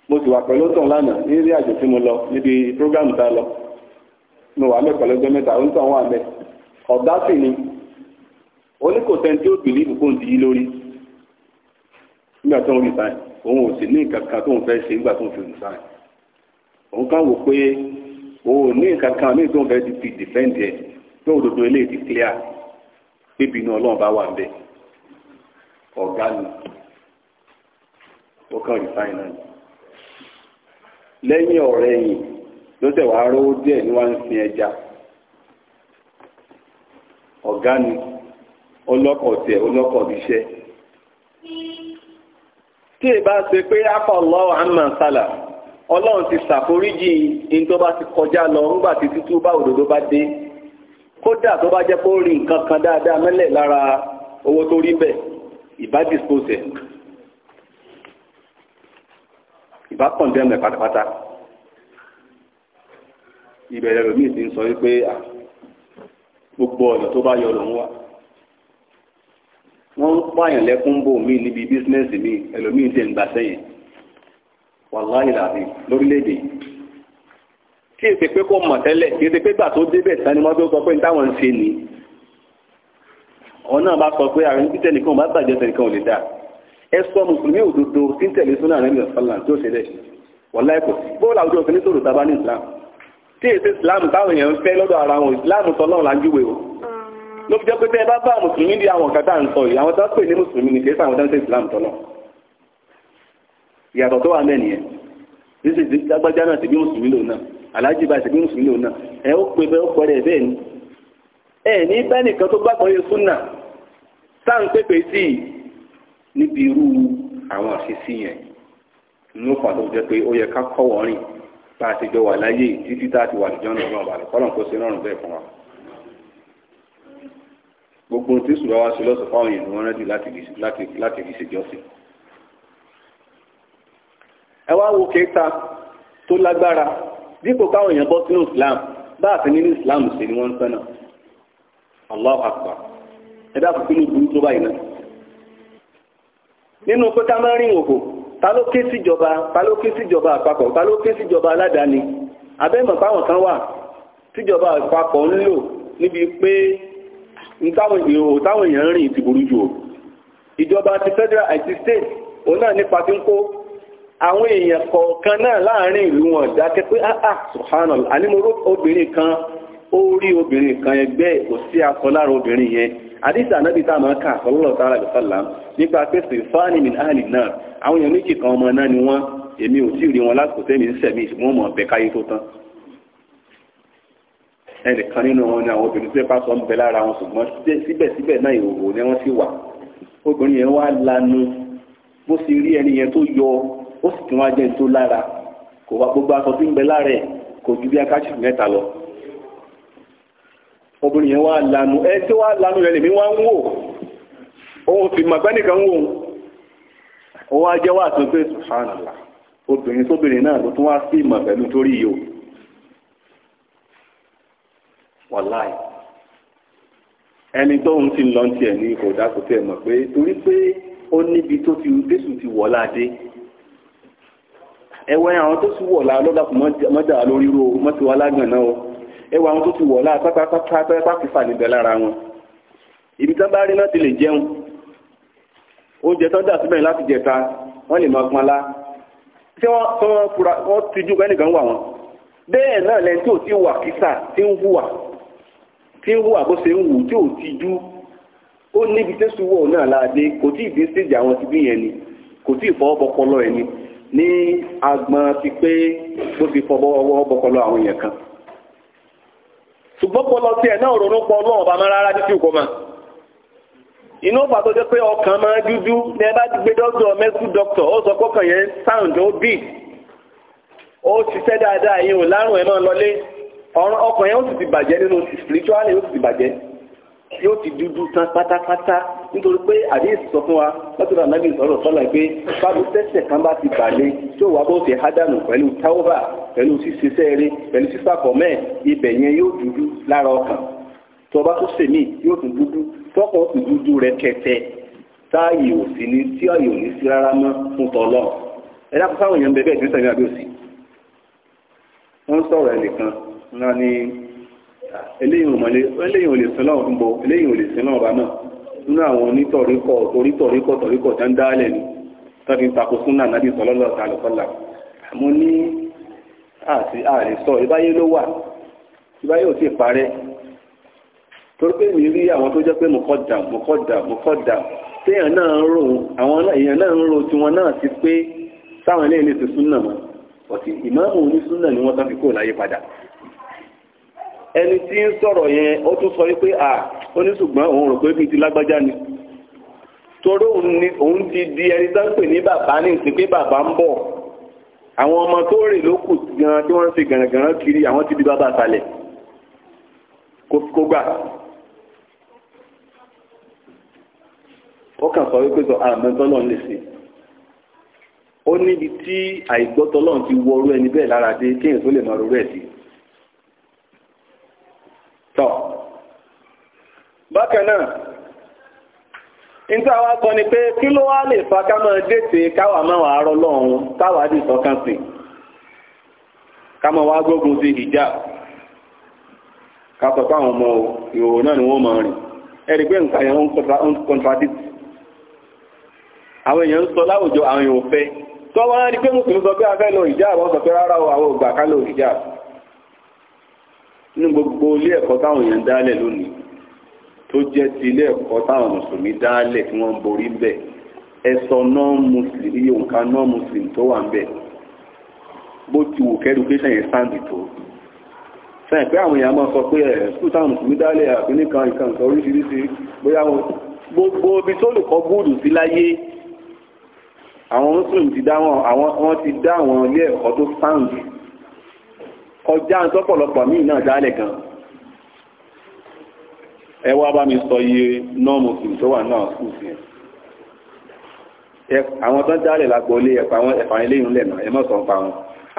Speaker 1: mo sì wà pẹ̀lú tàn lánàá ní eré àjò tí mo lọ níbi programu tá a lọ mo wà mẹ́kọ̀ọ́ lọ́jọ́ mẹ́ta ó ń tàn wà mẹ́ ọ̀gá sì ni ó ní kò sẹ́ni tí ó bìlí ìbùkún ti yí lórí nígbà tó ń rí sáyìn òun ò sì ní nǹkan kan tó ń fẹ́ ṣe nígbà tó ń fi rí sáyìn òun kàn wò pé òun ní nǹkan kan míì tó ń fẹ́ ti dìfẹ́ǹdì ẹ̀ tó òdodo eléyìí ti clear bíbi inú ọlọ́run bá wà ń ọ̀gá ni ó kàn rí sáyìn náà lẹ́yìn ọ̀rẹ́ yìí ló tẹ̀ wá rówó díẹ̀ ní wọ́n ń sin ẹja ọ̀gá ni ọlọ́kọ̀ tẹ̀ ọlọ́kọ̀ bíṣẹ́ tí ì bá ṣe pé afa Allahu amma ọlọ́run ti ṣàforíjì ní tó bá ti kọjá lọ ńgbà tí títú bá òdodo bá dé kódà tó bá jẹ́ pé ó rí nǹkan kan dáadáa mẹ́lẹ̀ lára owó tó rí bẹ́ẹ̀ ìbá dispose ìbá kọ̀ndẹ́mù ẹ̀ pátápátá ìbẹ̀rẹ̀ rẹ̀ míì ti ń sọ wípé gbogbo ọ̀nà tó bá yọ lòun wà wọ́n ń pààyàn lẹ́kún bò míì níbi bísínẹ́sì míì ẹlòmíì tẹ̀ ń gbà sẹ́yìn wàláhì làbí lórílẹ̀‐èdè yìí kí èsì pé kó mọ̀ tẹ́lẹ̀ kí èsì pé gbà tó débẹ̀ tán ni wọ́n tó sọ pé táwọn ń ṣe nìyí ọ̀nà bá sọ pé àrùn títẹ̀ nìkan bá bàjẹ́ tẹ̀nìkan ò lè dáa ẹ sọ mùsùlùmí òdodo tí ń tẹ̀lé súnà rẹ̀ nílùú sọ́là tí ó ṣe bẹ́ẹ̀ wọ́n láìpẹ́ bóòlù àwùjọ òfin nítorí tàbá ní islam tí èsì islam táwọn èèyàn ń fẹ́ lọ́dọ̀ ara wọn islam tọ́lọ́run lájúwe o ló fi jẹ́ pé bẹ́ẹ̀ bá bá mùsùlùmí di àwọn kàtà ń sọ yìí àwọn tó pè ní mùsùlùmí ní kéésà àwọn tó ń ṣe islam tọ́lọ́ ìyàtọ̀ tó wà mẹ́rin yẹn níṣẹ́ ti agbájá náà ti bí mùsùlùmí lòun náà aláàjì bá ti bí mùsùlùmí lòun náà ẹ ó pe bẹ́ẹ̀ ó pẹ́ rẹ̀ bẹ́ẹ̀ ni ẹ ní bẹ́ẹ̀ nìkan tó gbàgbọ́ yẹ súnà sáà ń pépè sí i níbi irú àwọn àṣìṣe yẹn ní ó pàtó jẹ́ pé ó yẹ ká kọ́ wọ́n rìn bá a ti jọ wà láyé títí tá a ti wà lójọ́ náà lọ́wọ́ balẹ̀ kọ́lọ́n kó ṣe rọrùn bẹ́ẹ̀ fún wa. gbogbo tí sùrọ̀ wa ṣe lọ́sọ̀ fáwọn èèyàn ni wọ́n rẹ́dì láti fi ṣèjọ́sìn. ẹ wá wo kéta tó lágbára dípò káwọn èèyàn bọ́ sínú Islam bá a ti ní ní Islam ṣe ni wọ́n ń sẹ́nà. Allah akbar ẹ dákun kí ló burú tó báyìí náà nínú pé ká máa rìn òkò ta ló ké síjọba ta ló ké síjọba àpapọ̀ ta ló ké síjọba aládàáni abẹ́mọ̀ páwọn kan wà tíjọba àpapọ̀ ń lò níbi pé táwọn èèyàn rìn ti burú jù ìjọba ti federal àti state òun náà nípa tí ń kó àwọn èèyàn kọ̀ọ̀kan náà láàrin ìlú wọn dákẹ́ pé áà ah, ah, subhanallah ànímọ́ obìnrin kan ó rí obìnrin kan ẹgbẹ́ kò sí akọ lára obìnrin yẹn àdísà náà bí tá a máa kà sọ́lọ́lọ́ sára lè sọ́lá nípa pé sèfáàní min ahli náà àwọn èèyàn méjì kan ọmọ náà ni wọ́n èmi ò tíì rí wọn lásìkò tẹ́mi ń sẹ̀mí ìṣùgbọ́n mọ̀ ọ̀bẹ káyé tó tán ẹnìkan nínú wọn ni àwọn obìnrin tó yẹ pásọ ń bẹ lára wọn ṣùgbọ́n síbẹ̀síbẹ̀ náà ìhòòhò ni wọ́n sì wà obìnrin yẹn wá lanu bó sì rí ẹni yẹn tó yọ ó sì tún wá jẹ́ tó lára kò wá gbogbo aṣọ tó ń bẹ lára ẹ̀ kò ju bí akáṣù mẹ́ta lọ obìnrin yẹn wá lanu ẹ tí wá lanu rẹ̀ lèmi wá ń wò òun sì màgbẹ́ nìkan wò ó wá jẹ́ wà tó pé sùhánàlá obìnrin sóbìnrin náà ló tún wá sí ìmọ̀ pẹ̀lú torí yìí o wàláì ẹni tóun ti ń lọ tiẹ̀ ní kò dákò tiẹ̀ mọ̀ pé torí pé ó níbi tó ti jésù ti wọ̀ láadé ẹ̀wẹ̀ àwọn tó sì wọ̀ la lọ́dà kò mọ́jà lórí ro mọ́tiwá lágbọ̀n náà ẹwà àwọn tó ti wọ̀ láà pátápátá fífà níbẹ̀ lára wọn ibi tán bá rí náà ti lè jẹun oúnjẹ tán dà síbẹ̀ láti jẹta wọ́n lè máa pọnlá tí wọ́n ti jú ẹnìkan wà wọn bẹ́ẹ̀ náà lẹ́ni tí ò ti wà kísà tí ń hùwà tí ń hùwà bó ṣe ń wù tí ò ti jú ó níbi tí sùwọ́ náà láàdé kò tí ìdí stage àwọn ti bí yẹn ni kò tí ìfọwọ́bọpọlọ ẹni ní agbọn ti pé tó fi fọwọ́ bọpọlọ àwọn yẹn kan ṣùgbọ́n pọlọ tiẹ̀ náà ronú pọ ọlọ́run ọba máa rárá títí òkò máa inú ọ̀fà tó jẹ́ pé ọkàn máa dúdú ní ẹ bá dọ́dọ̀ mẹ́sùn dọ́kítọ̀ ó sọ pọ́kàn yẹn sound ó bì ó ṣiṣẹ́ dáadáa yìí ò lárùn ẹ̀ máa lọlé ọkàn yẹn ó sì ti bàjẹ́ nínú spiritual ó sì ti bàjẹ́ yóò ti dúdú tán pátápátá nítorí pé àdéhùn sọ fún wa lọ́tọ̀ náà nábì sọ̀rọ̀ sọ́la pé fáwọn tẹ́sẹ̀ kan bá ti bàlẹ̀ tí ó wà bó ṣe hádànù pẹ̀lú táwọ́bà pẹ̀lú ṣíṣe sẹ́ẹ̀rẹ́ pẹ̀lú sísàkọ̀ mẹ́ẹ̀ ibẹ̀ yẹn yóò dúdú lára ọkàn tọba tó sèmí yóò tún dúdú tọkọ̀ tún dúdú rẹ kẹtẹ táàyè ò sí ní tí àyè ò ní sí rárá mọ́ fún tọ́lọ́ ẹ dákun sáwọn èèyàn bẹ́ẹ̀ bẹ́ẹ̀ sẹ́yìn ni eléyìí ò nínú àwọn onítọ̀ríkọ̀ torítọ̀ríkọ̀ tọ̀ríkọ̀ tó ń dálẹ̀ ni tọ́bi ń takò súnà nàbí sọlọ́lọ́ tàlọ́kọ́lá àmọ́ ní àti ààrẹ sọ ìbáyé ló wà ìbáyé ò sì parẹ́ torí pé mi rí àwọn tó jẹ́ pé mọ̀kọ́dà mọ̀kọ́dà mọ̀kọ́dà téèyàn náà ń rò àwọn èèyàn náà ń rò tiwọn náà ti pé ni wọ́n tán fi kó ẹni tí ń sọ̀rọ̀ yẹn ó tún sọ wípé à ó ní ṣùgbọ́n òun rò pé bíi ti lágbájá ni torí òun ti di ẹni tó ń pè ní bàbá ní ìsìn pé bàbá ń bọ̀ àwọn ọmọ tó rè ló kù gan tí wọ́n ń ṣe gànàgànà kiri àwọn ti di bàbá àtàlẹ̀ kó gbà ó kàn sọ wípé sọ àmọ́tọ́lọ́ ń lè ṣe ó níbi tí àìgbọ́tọ́lọ́ ti wọrú ẹni bẹ́ẹ̀ lára dé kéèyàn tó lè máa rorú ẹ̀ sí i tọ́ bákan náà ní pé kí ló wá lè fa ká máa dètè káwa máa wà arọ lọ́hùn táwa dì sọ́kàn sí ká máa wá gbógun sí hijab ká àwọn ọmọ ìhòhò náà ni wọ́n máa rìn ẹ̀rí pé nǹkan yẹn ń contradict sọ láwùjọ ní gbogbo ilé ẹ̀kọ́ táwọn èèyàn dálẹ̀ lónìí tó jẹ́ ti ilé ẹ̀kọ́ táwọn mùsùlùmí dálẹ̀ tí wọ́n borí bẹ̀ ẹ̀sọ́ non-muslim iye òǹkà non-muslim tó wà ń bẹ̀ bó ti wù kẹ́ education yẹn sáǹdì tó sẹ́yìn pé àwọn èèyàn máa sọ pé ẹ̀ skul táwọn mùsùlùmí dálẹ̀ àfínìkan nǹkan nǹkan oríṣiríṣi bóyá wọn gbogbo ibi tó lè kọ́ búùdù sí láyé àwọn mùsùlùmí ti dá àwọn ilé ẹ̀kọ́ tó sáǹdì kọjá ń tọ́pọ̀lọpọ̀ míì náà dálẹ̀ gan ẹ wá bá mi sọ iye nọ́ọ̀mù kì tó wà náà kù sí ẹ àwọn tó ń dálẹ̀ lágbọ́lé ẹ̀pà àwọn ẹ̀pà ilé ìrúnlẹ̀ náà ẹ mọ̀ sọ̀ ń pa wọn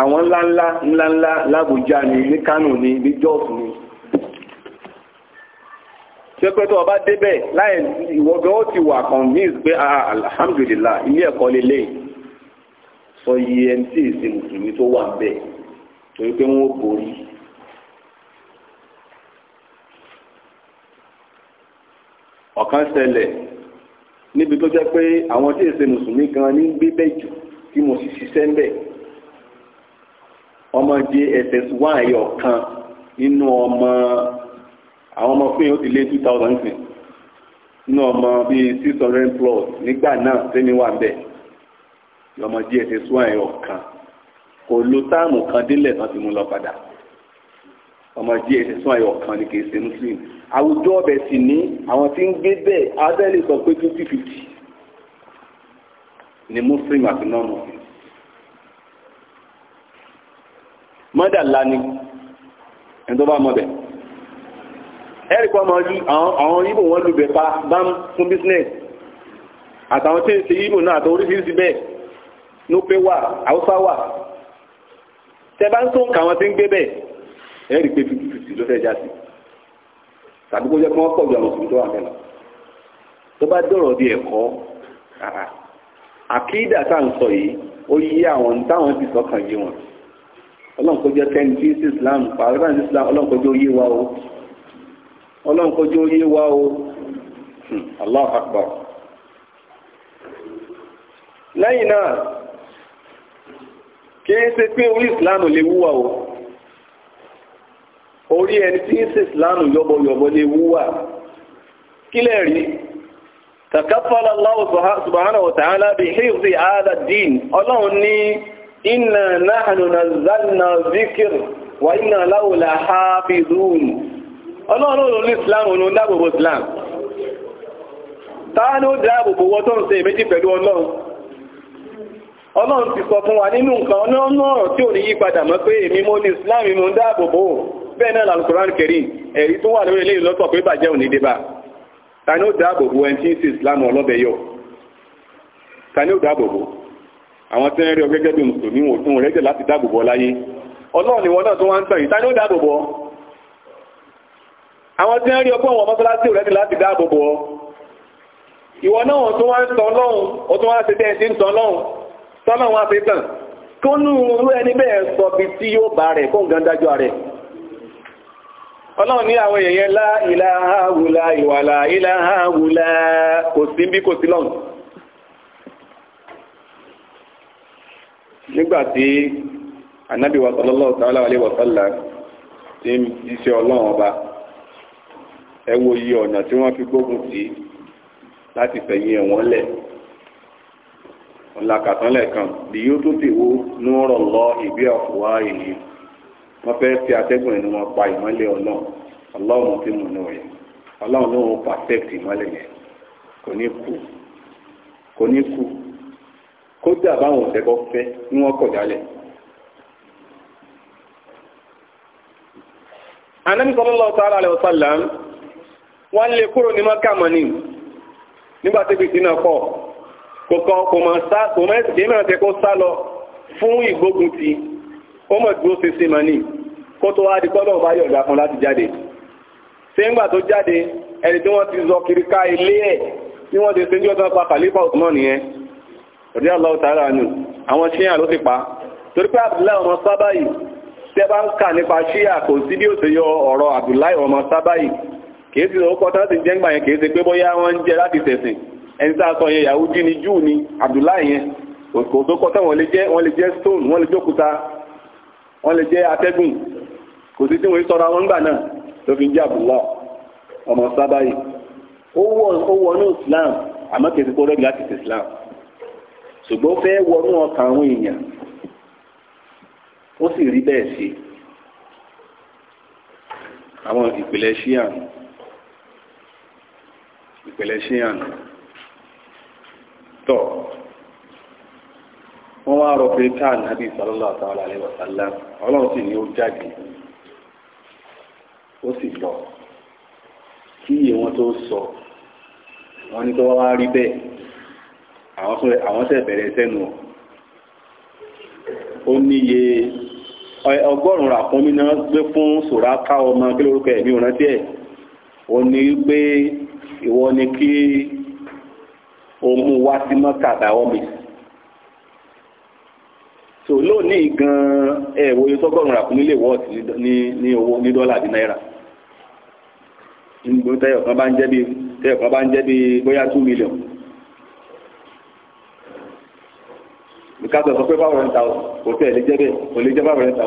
Speaker 1: àwọn ńláńlá ńláńlá lábújá ni ní Kánò ni ní Jọ́ọ̀sì ni pẹ́pẹ́tọ́ ọba débẹ̀ láì ìwọ̀gbẹ́ ó ti wà convince pé ah, alhamdulillah ilé ẹ̀kọ́ lélẹ̀ sọ iye ẹni tí ìsìn mùsùlùmí tó wà bẹ́ẹ̀ torí pé wọn ò borí. ọ̀kan ṣẹlẹ̀ níbi tó jẹ́ pé àwọn tí èsè mùsùlùmí gan ní gbé bẹ́ẹ̀ jù tí mo sì ṣiṣẹ́ ń bẹ̀ ọmọ jss one ẹ̀yọ̀ kan nínú ọmọ àwọn ọmọ fún yóò ti lé two thousand six nínú ọmọ bíi six hundred plus nígbà náà tẹ́ni wà ń bẹ̀ lọ́mọ jss one ẹ̀yọ̀ kan kò lo táàmù kan délẹ̀ tán ti mú lọ padà ọmọ díẹ̀ ẹ̀sùn ayọ̀ kan ni kì í ṣe muslim àwùjọ ọbẹ̀ sì ní àwọn tí ń gbé bẹ́ẹ̀ abẹ́lé sọ pé two fifty ni muslim àti non-muslim mọ́dà lani ẹni tó bá mọ̀ bẹ̀ ẹ̀rì kan àwọn yíbò wọn lù bẹ̀ pa bá ń fún business àtàwọn tí ń ṣe yíbò náà àtàwọn oríṣiríṣi bẹ́ẹ̀ ló pé wà haúsá wà tẹ ń tó nǹkan tí ń gbé bẹ́ẹ̀ pé fifty ló fẹ́ já sí tàbí kó jẹ́ pé wọ́n pọ̀ ju àwọn òṣèlú tó wà mẹ́lọ tó bá dọ̀rọ̀ bí ẹ̀kọ́ àkídà tá à ń sọ yìí ó yí àwọn táwọn ti yé wọn ọlọ́run kó jẹ́ kẹ́ni tí sí Islam pàrọ̀ bá Islam wa o ọlọ́run wa o hmm, kìí ṣe pé orí ìsìláàmù lè wúwà o orí ẹni tí ń ṣe ìsìláàmù yọbọyọbọ lè wúwà kí lè rí takafala Allahu subhanahu wa ta'ala bi hifzi hadha ọlọ́run ní inna nahnu nazzalna wa inna lahu lahafizun ọlọ́run ti sọ fún wa nínú nǹkan ọlọ́run ọ̀rọ̀ tí ò ní yípadà mọ́ pé èmi mo ní islam mo ń dáàbò bò bẹ́ẹ̀ náà lálùkùránì kẹrin ẹ̀rí tó wà lórí ilé ìlọ́tọ̀ pé bàjẹ́ ò ní dé bá ta ni ó dáàbò bò ẹni tí ń ṣe islam ọlọ́bẹ yọ ta ni ó dáàbò bò àwọn tí náà tó wá ń tàn yìí ó tó wá ṣe bẹ́ẹ̀ tí ń tan lọ́hùn tọ́lọ̀ wọn fi kàn kó nú irú ẹni bẹ́ẹ̀ sọ bí tí yóò bá rẹ̀ kó nǹkan dájọ́ rẹ̀ ọlọ́run ní àwọn èèyàn lá ìlàhà wùlà ìwàlà ìlàhà wùlà kò sí bí kò sí lọ́hùn nígbàtí anábì wa sallallahu ta'ala alayhi wa sallam tí ń iṣẹ́ ọlọ́run ọba ẹ wo iye láti fẹ̀yìn ẹ̀wọ̀n lẹ̀ ńlákàtánlẹ̀ kan bí yóò tó ti wo núrọ̀ lọ ìbí ọ̀fùwá èyí wọ́n fẹ́ fi atẹ́gùn ẹnu wọn pa ìmọ́lẹ̀ ọlọ́run ọlọ́run ti mú náà yẹn ọlọ́run ló ń perfect ìmọ́lẹ̀ yẹn kò ní kú kò ní kú kódà báwọn òṣèkọ fẹ́ ni wọ́n kọ̀ jálẹ̀. anabi sallallahu ta'ala alaihi wasallam lè kúrò ní mọ́kàmọ́ni nígbà tẹ́bi sínú ọkọ̀ kọ̀kan kò mọ̀ sá kò mẹ́rin tẹ́ kó sá lọ fún ìgbógun ti ó mọ̀ dúró sí sí mọ̀ ní kó tó wá di kọ́lọ̀ bá yọ̀dá fún láti jáde ṣé ń gbà tó jáde ẹni tí wọ́n ti zọ kiri ká ilé ẹ̀ tí wọ́n ti ṣe ní ọjọ́ pa kàlífà òtúmọ̀ nìyẹn ọ̀dẹ́ aláwọ̀ tààrà nù àwọn ṣíyà ló ti pa torí pé Abdullahi ọmọ sábàyì tẹ́ bá ń kà nípa ṣíyà kò sí bí ó ṣe yọ ọ̀rọ̀ Abdullahi ẹni tá a sọ yẹn Yahudi ni Júù ni Abdullahi yẹn kò tó kọ́ le lè jẹ́ wọ́n lè jẹ́ stone wọ́n lè jókúta wọ́n lè jẹ́ atẹ́gùn kò sí tí wọ́n wọn gbà náà fi jẹ́ ọmọ sábà yìí ó wọ ní Islam àmọ́ kìí kó rẹ́gì láti Islam ṣùgbọ́n ó fẹ́ wọnú ọkàn àwọn èèyàn ó sì rí bẹ́ẹ̀ sí àwọn ìpìlẹ̀ tọ́ wọ́n wá rọ pé ká nàbí sallallahu ta'ala alaihi wa sallam ọlọ́run sì ni ó jáde ó sì lọ kí iye wọn tó sọ wọn ní tó wá wá rí bẹ́ẹ̀ àwọn sẹ̀ bẹ̀rẹ̀ sẹ́nu ó níye ọgọ́rùn-ún ràkúnmí gbé fún sòráká ọmọ kí lórúkọ ẹ̀mí òrántí ẹ̀ ó ní pé ìwọ ni kí òmu wá sí mọ́kà báwọ́ mi so lónìí gan-an ẹ̀wọ̀ yóò tọ́gọ́rùn-ún ràkúnmí lè wọ́ọ̀tì ní owó ní dọ́là àbí náírà nígbò tẹ́yọ̀ kan bá ń jẹ́ bí tẹ́yọ̀ kan bá ń jẹ́ bí bóyá two million bùkátà sọ pé báwọn ẹ̀ta kò tẹ̀ lè jẹ́ bẹ́ẹ̀ kò lè jẹ́ báwọn ẹ̀ta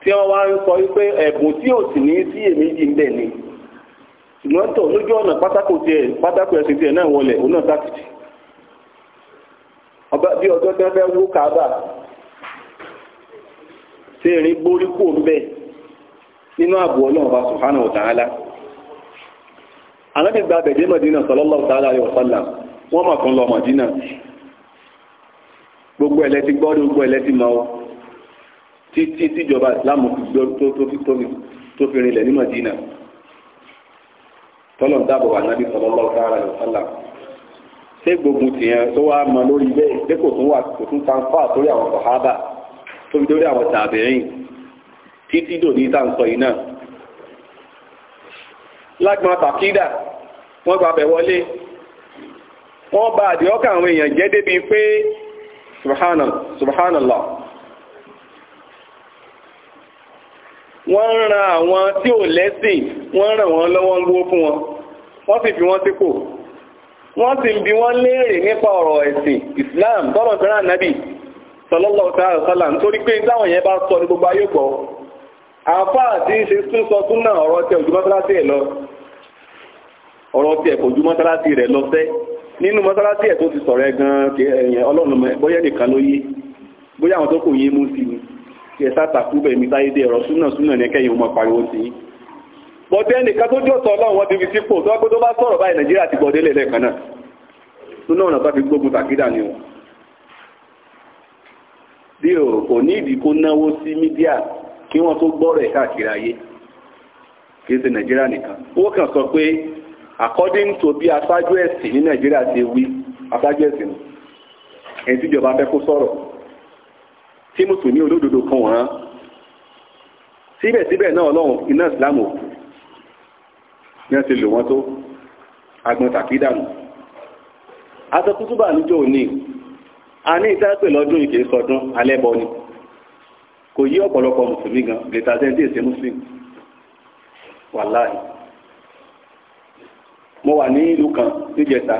Speaker 1: tí wọ́n wá ń sọ wípé ẹ̀bùn tí ò sì ní sí èmi yìí ń bẹ̀ ni ṣùgbọ́n tọ̀ lójú ọ̀nà pátákó tiẹ̀ pátákó ẹ̀sìn tiẹ̀ náà wọlé òun náà sákìtì ọba bí ọjọ́ tí fẹ́ wó kábà ṣe erin gbórí kò ń bẹ̀ nínú ààbò ọlọ́run ọba subhanahu wa ta'ala alábì mọ̀dínà sallallahu ta'ala alaihi wa wọ́n mọ̀ lọ gbogbo ẹ̀lẹ́ ti gbogbo ẹ̀lẹ́ ti títí tíjọba ìsìlámù tó fi tọ́lọ̀ ń dábọ̀ wà nábì sallallahu alaihi wasallam ṣé gbogbo tìyẹn tó wá mọ lórí bẹ́ẹ̀ pé kò tún wà kò tún tanfà sórí àwọn sàhábà tó fi dórí àwọn tàbẹ̀rìn títí dòní tá à ń sọ yìí náà. lágbọn tàkídà wọ́n gba bẹ̀ wọlé wọ́n bá àdìọ́kà àwọn èèyàn jẹ́ débi pé subhanallah wọ́n ran àwọn tí ò lẹ́sìn wọ́n ràn wọ́n lọ́wọ́ ń gbó fún wọn wọ́n sì fi wọ́n sípò wọ́n sì ń bi wọ́n léèrè nípa ọ̀rọ̀ ẹ̀sìn Islam tọ́lọ̀ fẹ́ràn ànábì sọlọ́lọ́ sáré sálà nítorí pé táwọn yẹn bá sọ ní gbogbo ayé gbọ́ àáfàá tí ń ṣe tún sọ tún náà ọ̀rọ̀ tẹ ojú mọ́sálásí ẹ̀ lọ ọ̀rọ̀ tẹ ojú mọ́sálásí rẹ̀ lọ sẹ́ nínú mọ́sálásí ẹ̀ tó ti sọ̀rọ̀ ẹ̀ gan-an ọlọ́run bóyá nìkan ló yé bóyá àwọn tó kò yé mú sí ni kí ẹ sá tàkú bẹ̀mí táyé dé ọ̀rọ̀ súnà súnà ní kẹ́yìn bọ̀dẹ́ ẹnìkan tó jọ́ sọ ọlọ́run wọn ti fi sípò tó wápé tó bá sọ̀rọ̀ báyìí nàìjíríà ti bọ̀dé lẹ̀ lẹ́ẹ̀kan náà tó náà bá fi gbógun tàkídà ni wọn. bí o kò ní ìdí kó náwó sí mídíà kí wọ́n tó gbọ́rọ̀ ẹ̀ káàkiri ayé kì according to bí aṣáájú ẹ̀sìn ní nàìjíríà ti wí aṣáájú ẹ̀sìn ẹni tíjọba fẹ́ kó sọ̀rọ̀ tí mùsùlùmí olódodo kan wọ́n síbẹ̀síbẹ̀ náà ọlọ́run iná ìsìlámù tí wọ́n ti lò wọ́n tó agbọn tàkídànù aṣọ níjọ́ òní a ní ìtẹ́pẹ̀ lọ́dún ìkè sọdún alẹ́bọ ni kò yí ọ̀pọ̀lọpọ̀ mùsùlùmí gan lẹ́tà sẹ́ńtì èsè mùsùlùmí mo wà ní ìlú kan níjẹta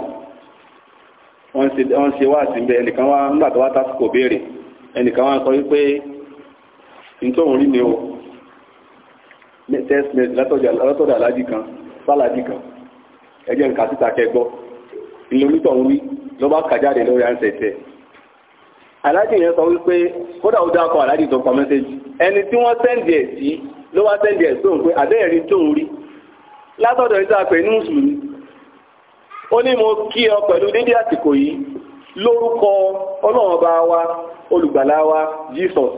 Speaker 1: wọ́n ṣe wá sí ibẹ̀ ẹnìkan wá nígbà tó wá o kan sálàdì kan ẹjẹ́ nǹkan síta kẹgbọ́ ìlòmítọ̀ ń wí ló bá kà jáde lórí àǹsẹ̀ tẹ̀ aláàjì yẹn sọ wípé kódà ó dákọ̀ aláàjì tó kọ mẹ́sẹ̀jì ẹni tí wọ́n sẹ́ǹdì ẹ̀ sí ló wá sẹ́ǹdì ẹ̀ sóhun pé àbẹ́ẹ̀rí tóun rí látọ̀dọ̀ ìta pé ní mùsùlùmí ó ní mo kí ọ pẹ̀lú dédé àsìkò yìí lórúkọ ọlọ́run ọba wa olùgbàlà wa jesus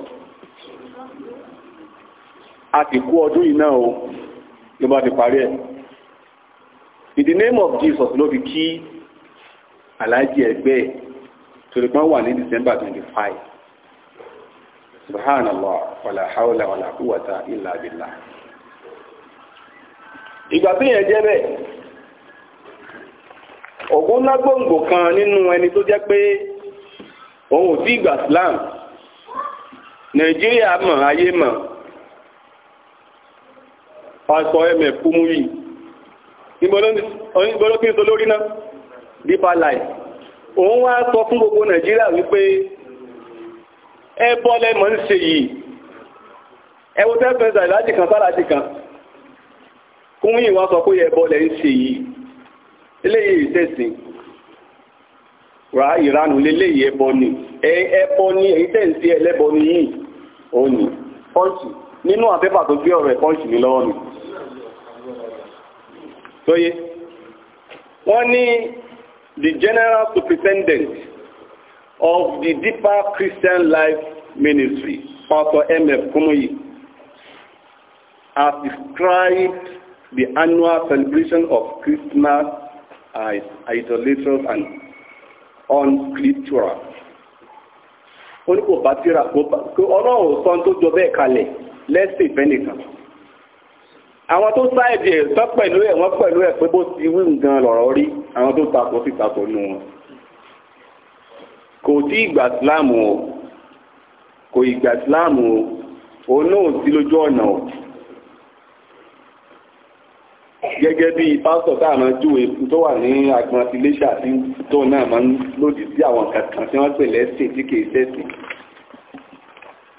Speaker 1: a ọdún yìí náà o ló bá ti parí ẹ̀ in the name of Jesus ló fi kí aláàjì ẹgbẹ́ ẹ̀ torí pé wọ́n wà ní December twenty five subhanallah wàlà hawla wàlà kúwàtà illa billah ìgbà tó yẹn jẹ́ bẹ́ẹ̀ ọ̀gbọ́n lágbòǹgbò kan nínú ẹni tó jẹ́ pé òun ò tí ìgbà Islam Nàìjíríà mọ̀ ayé mọ̀ pásọ mf kúmúyì ìgbòlókí tó lórí náà deeper life òun wá sọ fún gbogbo Nàìjíríà wípé ẹbọ lẹ́mọ̀ ń ṣe yìí ẹwọ tẹ́fẹ́sà ìlàjì kan sálájì kan kún ìwá sọ pé ẹbọ lẹ́ ń ṣe yìí eléyìí ìtẹ́sìn ra ìranù léléyìí ẹbọ ni ẹbọ ni èyí tẹ́ ń sí ẹlẹ́bọ ni yìí òun ni pọ́ǹsì nínú àpẹ́fà tó gbé ọ̀rọ̀ ẹ̀ sọye wọ́n ní the general superintendent of the deeper Christian life ministry pastor mf kumuyi has described the annual celebration of Christmas as idolatrous and unscriptural ó ní kò bá tíra kó ọlọ́run sọ tó jọ bẹ́ẹ̀ kalẹ̀ lẹ́sìn ìfẹ́ nìkan àwọn tó sáìdì ẹ̀ tán pẹ̀lú ẹ̀ wọ́n pẹ̀lú ẹ̀ pé bó ti wí nǹkan lọ̀rọ̀ rí àwọn tó takò sí takò nù wọn kò tí ìgbà síláàmù o kò ìgbà síláàmù o òun náà sí lójú ọ̀nà o gẹ́gẹ́ bí pásítọ̀ táàmà júwe tó wà ní agbọn ti léṣà tí tó náà máa ń lòdì sí àwọn kankan tí wọ́n pè lẹ́sìn tí kìí sẹ́sìn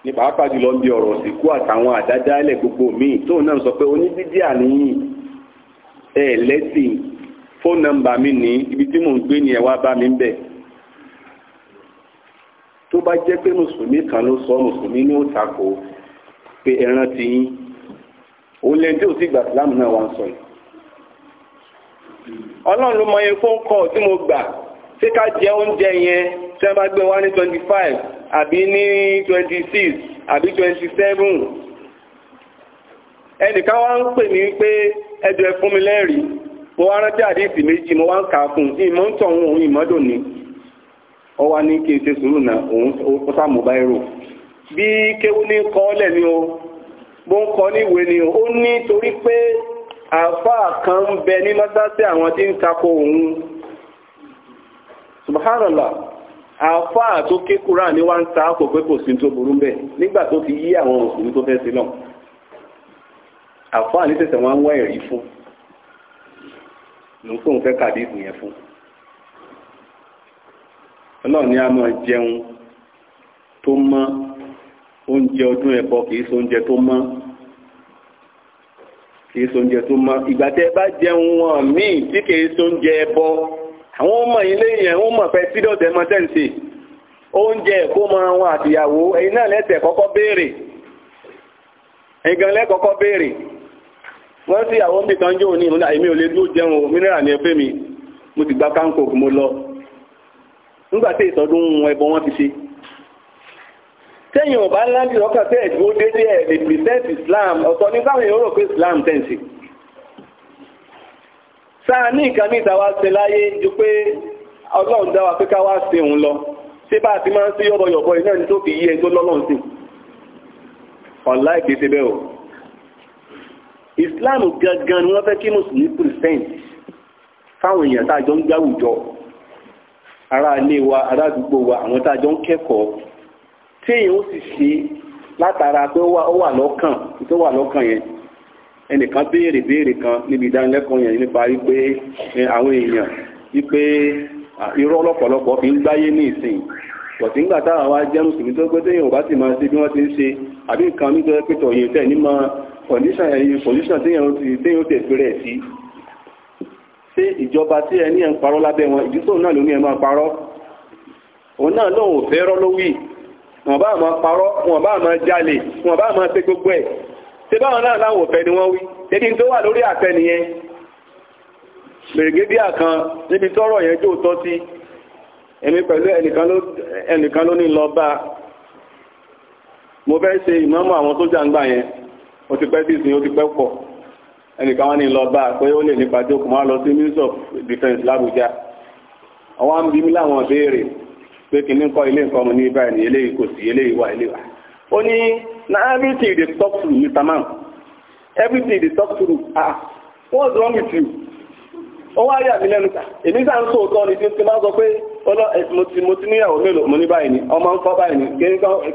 Speaker 1: ní pàápàá jùlọ ń bi ọ̀rọ̀ òsìnkú àtàwọn àdádálẹ̀ gbogbo míì tóun náà sọ pé oníbídíà níyìn ẹ̀ lẹ́sìn fóònù nọ́mbà mi ní ibi tí mò ń gbé ni ẹ wá bá mi ń bẹ̀ tó bá jẹ́ pé mùsùlùmí kan ló sọ mùsùlùmí ní òtàkó pé ẹran ti yín òun lẹ́ni tí ò sí gbà sílámù náà wà ń sọ yìí ọlọ́run ló mọ iye fóònù kọ́ tí mo gbà ṣé ká jẹ oúnjẹ yẹn tí wọ́n bá gbé wá ní twenty five àbí ní 26 àbí 27 ẹnìkan wá ń pè ní pé ẹjọ́ ẹfún mi lẹ́rìí mo wá rántí àdíìsì méjì mo wá ń kà á fún ìmọ̀ ń tọ̀ òun ìmọ̀dò ni ọ wá ní kí n ṣe sùúrù náà òun ó sàmù báírò bí kéwú ní lẹ̀ ni o bó ń kọ́ ìwé ni o ó ní torí pé àfáà kan ń bẹ ní mọ́sáàsì àwọn tí ń tako òun subhanallah àfáà tó ké kúrà ní wá ń ta kò pé kò sí tó burú bẹ́ẹ̀ nígbà tó ti yí àwọn mùsùlùmí tó fẹ́ sí náà àfáà ní tẹ̀sẹ̀ wọn wọ́n ẹ̀rí fún ló fóun fẹ́ kàdí ìsìn yẹn fún ọlọ́run ni a máa jẹun tó mọ́ oúnjẹ ọdún ẹ̀bọ kìí so oúnjẹ tó mọ́ kìí so oúnjẹ tó mọ́ ìgbà tẹ́ bá jẹun wọn míì tí kìí so oúnjẹ ẹ̀bọ àwọn ọmọ ilé yẹn wọ́n mọ̀ fẹ́ sídọ̀dẹ̀ mọ́ tẹ́ǹsì oúnjẹ ẹ̀kọ́ mọ́ wọn àtìyàwó ẹ̀yin náà lẹ́tẹ̀ kọ́kọ́ béèrè ẹ̀gàn lẹ́kọ́kọ́ béèrè wọ́n sí àwọn mìí kan jò ní ìrúnlẹ̀ àìmí olè ló jẹun mìíràn ní ẹfẹ́ mi mo ti gba káńkò mo lọ nígbàtí ìtọ́dún wọn ẹbọ wọn ti ṣe tẹ́yìn ọ̀bá ńlá ní ọkàn tẹ́ẹ̀dì ó dédé ẹ̀ lè pìrìsẹ́ǹtì Islam ọ̀tọ̀ ní báwọn èèyàn rò pé Islam tẹ́ǹsì sáà ní nǹkan ní ìtawà ṣe láyé ju pé ọlọ́run dá wa pé ká wá sí òun lọ ṣé bá a ti máa ń sí yọ́bọ̀yọ̀bọ̀ iná ní tó fi yí ẹni tó lọ́lọ́run sí ọ̀la ìgbésẹ̀ bẹ́ẹ̀ o Islam gangan ni wọ́n fẹ́ kí mùsùlùmí percent fáwọn èèyàn tá a jọ ń gbáwùjọ ará ilé wa ará àdúgbò wa àwọn tá ń kẹ́kọ̀ọ́ tí èèyàn ó sì ṣe látara pé ó wà lọ́kàn tó wà lọ́kàn yẹn ẹnìkan béèrè béèrè kan níbi ìdánilẹ́kọ̀ọ́ yẹn nípa wípé àwọn èèyàn wípé irọ́ lọ́pọ̀lọpọ̀ fi ń gbáyé ní ìsìn pọ̀tí ń gbàtà àwọn ajẹ́rùn sí tó gbé téèyàn bá sì máa ṣe bí wọ́n ti ń ṣe àbí nǹkan ní tọ́jọ́ pé tọ̀yìn tẹ̀ ní máa condition ẹ̀yìn condition téèyàn tẹ̀ fẹ́rẹ̀ sí ṣé ìjọba tí ẹni ẹ̀ ń parọ́ lábẹ́ wọn ìdí tóun náà ló ní ẹ máa parọ́ òun náà lóun ò fẹ́ rọ́ lówì wọn bá máa parọ́ wọn bá máa jalè wọn bá máa ṣe gbogbo ẹ̀ ṣe báwọn náà láwọn òfẹ́ ni wọ́n wí tẹ́tí tó wà lórí àfẹ́ nìyẹn mèrègédíà kan níbi tọ́rọ̀ yẹn jó tọ́ sí èmi pẹ̀lú ẹnìkan ló ní lọ bá mo fẹ́ ṣe ìmáàmù àwọn tó jàǹgbà yẹn ó ti pẹ́ sí ìsìn ó ti pẹ́ pọ̀ ẹnìkan wọn ní lọ bá pé ó lè nípa tó kùn wá lọ sí minister of onye na everything dey talk through mr man everything dey talk through ah what's wrong with you ó wá àmì lẹ́nu èmi sáà ń sọ òótọ́ ni tí ó máa sọ pé ọlọ́ mo ti níyàwó mélòó mo ní báyìí ọmọ ń kọ́ báyìí ni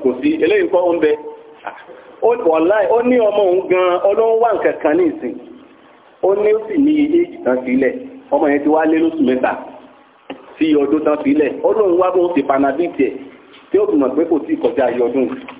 Speaker 1: kí sí eléyìí kọ́ ọmọ òun gan ọlọ́run wà ní ìsìn ó ní ó sì ní ilé ìtàn sílẹ̀ ọmọ yẹn ti wá lé lóṣù mẹ́ta sí ọdún tán sílẹ̀ ọlọ́run wá bó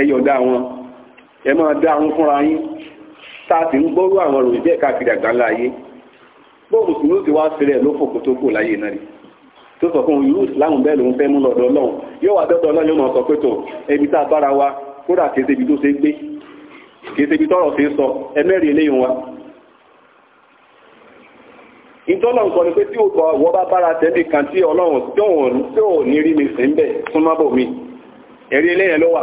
Speaker 1: ẹ yọ̀dá wọn ẹ máa dá wọn fúnra yín tá a sì ń gbọ́rú àwọn ròyìn bẹ́ẹ̀ káàkiri àgbáńlá ayé bóun mùsùlùmí ti wá sílẹ̀ ló fòkó tó kù láyé náà rí tó sọ fún irú ìsìláàmù bẹ́ẹ̀ lòun fẹ́ mú lọ́dọ̀ ọlọ́run yóò wá dọ́dọ̀ ọlọ́run yóò máa sọ pé tó ẹbí tá a bára wa kódà kìí ṣe ibi tó ṣe gbé kìí ṣe ibi tọ́rọ̀ ṣe sọ ẹmẹ́rin eléyìí wa ìtọ́lọ̀ nǹkan ni pé tí òkò àwọ̀ bá bára tẹ́lẹ̀ kan tí ọlọ́run tí ò ní rí mi sí ń bẹ̀ súnmọ́bọ̀ mi ẹ̀rí eléyìí ló wà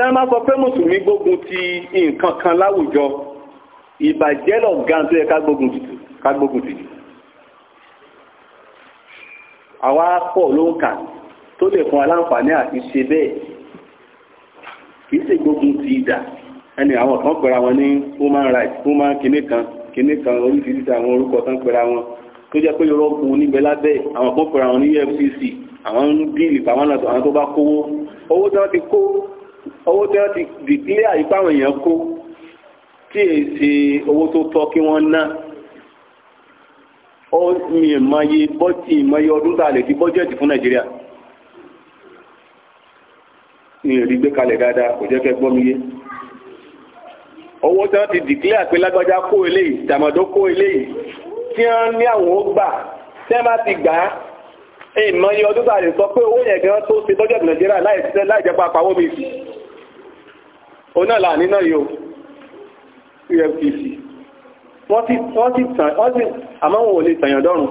Speaker 1: tí wọ́n bá sọ pé mùsùlùmí gbógun ti nǹkan kan láwùjọ ìbàjẹ́ lọ gan tó yẹ ká gbógun tìtù ká gbógun tìtù àwa pọ̀ ló ń kà tó lè fún aláǹfààní àti ṣe bẹ́ẹ̀ kì í ṣe gbógun ti ìdà ẹni àwọn kan pẹ̀ra wọn ní human rights human kìnnì kan kìnnì kan oríṣiríṣi àwọn orúkọ tán pẹ̀ra wọn tó jẹ́ pé yọrọ́pù níbẹ̀ lábẹ́ àwọn kan pẹ̀ra wọn ní EFCC àwọn ń dìlì pàwọn náà àwọn tó bá kówó owó tí wọ́n ti kó owó tí wọ́n ti dìklẹ́ àyíkáwọn èèyàn kó tí è ṣe owó tó tọ́ kí wọ́n ná ó mi ìmọye bọ́tì ìmọye ọdún tàà lè di bọ́jẹ̀tì fún nàìjíríà ní ìrí gbé kalẹ̀ dáadáa kò jẹ́ kẹ́ gbọ́ mi yé owó tí wọ́n ti dìklẹ́ àpé lágbájá kó eléyìí tàmọ̀dó kó eléyìí tí wọ́n ní àwọn ó gbà tẹ́ bá ti gbà á ìmọye ọdún tàà lè sọ pé owó yẹn gan tó ṣe bọ́jẹ̀tì nàìjíríà láì pàpàwọ́ mi sí onáàlà nínà yóò efcc wọ́n ti tàn wọ́n ti àmọ́wọ̀n ò lè tàyàn dọ́rùn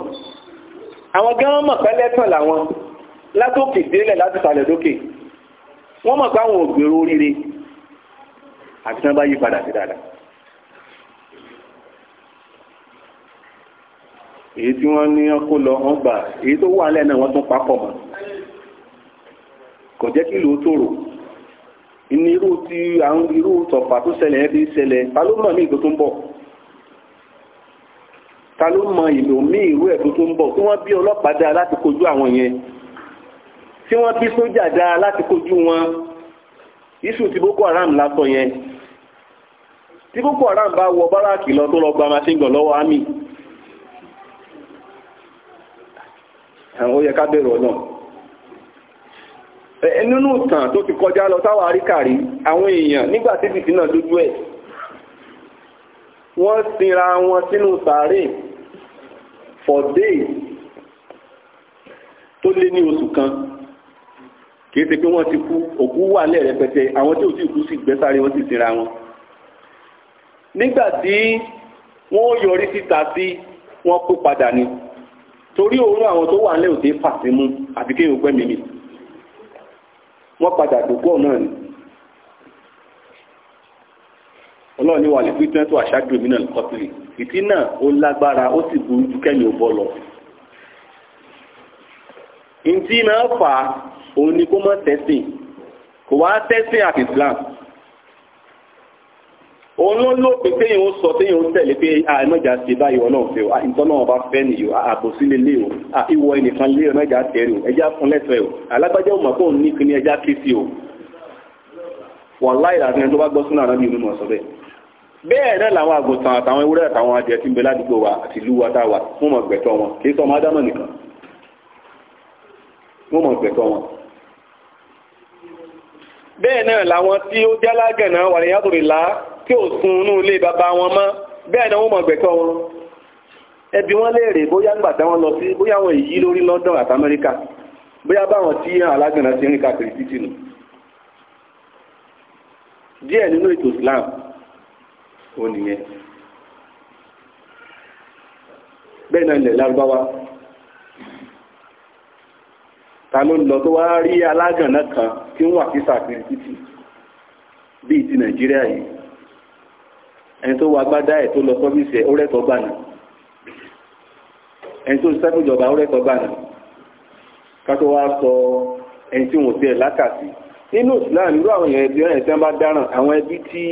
Speaker 1: àwọn gán mọ̀ pẹ́lẹ́ tàn láwọn látòkè délẹ̀ láti sàlẹ̀ dókè wọ́n mọ̀ pé àwọn ògbèrò oríire àti tán bá yí padà sí dáadáa èyí tí wọ́n ní ọkó lọ wọ́n gbà èyí tó wà lẹ́nà wọ́n tún papọ̀ mọ́ kò jẹ́ kí lóò ní irú ti àwọn irú tọ̀pà tó ṣẹlẹ̀ yẹn ti ṣẹlẹ̀ ta ló mọ̀ ní ìgbó tó ń bọ̀ ta ló mọ̀ ìlò mí ìrú ẹ̀ tó ń bọ̀ tí wọ́n bí ọlọ́pàá dáa láti kojú àwọn yẹn tí wọ́n bí sójà dáa láti kojú wọn iṣu ti Boko Haram lásọ yẹn tí Boko Haram bá wọ báràkì lọ tó lọ gba masingan lọ́wọ́ àmì àwọn ó yẹ ká bẹ̀rù ọ̀nà nínú ìtàn tó ti kọjá lọ táwọn àríkàrí àwọn èèyàn nígbà tí bìtì náà dójú ẹ̀ wọ́n sinra wọn sínú sàárè for day tó lé ní oṣù kan kìí ṣe pé wọ́n ti kú òkú wà lẹ́ rẹpẹtẹ àwọn tí ò tí kú sì gbẹ́sàrí wọ́n sì sinra wọn nígbà wọ́n yọrí síta sí wọ́n kó padà ni torí òórùn àwọn tó wà nílẹ̀ òde fàṣímú àti kéèyàn pẹ́ mímí wọ́n padà dògbò náà ni ọlọ́run ní wà lè fìtínà tó àṣáájú mi náà kọ́tìlì fìtínà ó lágbára ó sì burú ju kẹ́mi ò bọ́ lọ. ntí máa fà á òun ni kó mọ̀ tẹ́sìn kò wá tẹ́sìn àti Islam òun ló lópin téyìn ó sọ téyìn ó tẹ̀lé pé àìmọ́jà ṣe báyìí ọlọ́run fẹ́ o ìtọ́nà ọba fẹ́ nìyó ààbò sílé lé o ìwọ ẹnìkan lé ọmọjà tẹ̀rù ẹjá fún lẹ́sẹ̀ o alágbájá ò mọ̀ pé òun ní kíní ẹjá ké sí o wà láì láti ẹni tó bá gbọ́ sínú àná bí inú mọ̀ sọ bẹ́ẹ̀ bẹ́ẹ̀ náà làwọn àgùntàn àtàwọn ewúrẹ́ àtàwọn adìẹ tí ń bẹ ládùúgbò wa àti ìlú wa tá a wà wọ́n mọ̀ gbẹ̀tọ́ wọn kì í sọ ọmọ ádámọ̀ nìkan wọ́n mọ̀ gbẹ̀tọ́ wọn bẹ́ẹ̀ náà làwọn tí ó jálágẹ̀ náà wà ní yàtò rí láà tí ò sun inú ilé wọn mọ́ bẹ́ẹ̀ ni wọ́n mọ̀ gbẹ̀tọ́ wọn ẹbí wọn léèrè bóyá ńgbà táwọn lọ sí bóyá wọn èyí lórí London àti Amẹ́ríkà bóyá báwọn tí alágbèrè ti rìn káàkiri títì nù díẹ̀ nínú ètò Islam ò nìyẹn bẹ́ẹ̀ náà ilẹ̀ lárúbáwá ta ló lọ tó wá rí alágbèrè kan tí wà sàkiri títì bíi ti Nàìjíríà ẹni tó wọ agbádá ẹ̀ tó lọ sọ́fíìsì ẹ̀ ó rẹ́kọ̀ọ́ gbà náà ẹni tó sẹ́fún ìjọba ó rẹ́kọ̀ọ́ gbà náà kátó wá sọ ẹni tí wọ́n ti ẹ̀ lákàtì nínú Islam irú àwọn èèyàn ẹbí ẹ̀yìn tí wọ́n bá dáràn àwọn ẹbí tí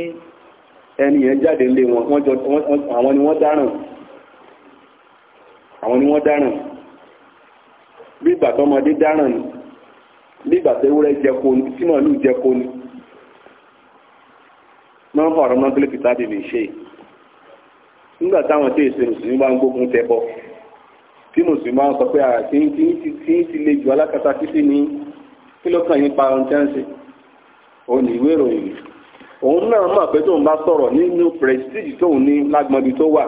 Speaker 1: ẹni yẹn jáde lé wọn àwọn ni wọ́n dáràn àwọn ni wọ́n dáràn bí ìgbà tọmọdé dáràn ni bí ìgbà tó ewúrẹ́ jẹko kìtàbí lè ṣe nígbà táwọn tí èsè mùsùlùmí bá ń gbógun tí sọ pé tí ti le jù alákatá títí ní kí ló pa ohun tí wọ́n ń ṣe òun ní ìwé ìròyìn òun náà mọ̀ pé tóun bá sọ̀rọ̀ nínú prestige tóun ní lágbọ́nbi tó wà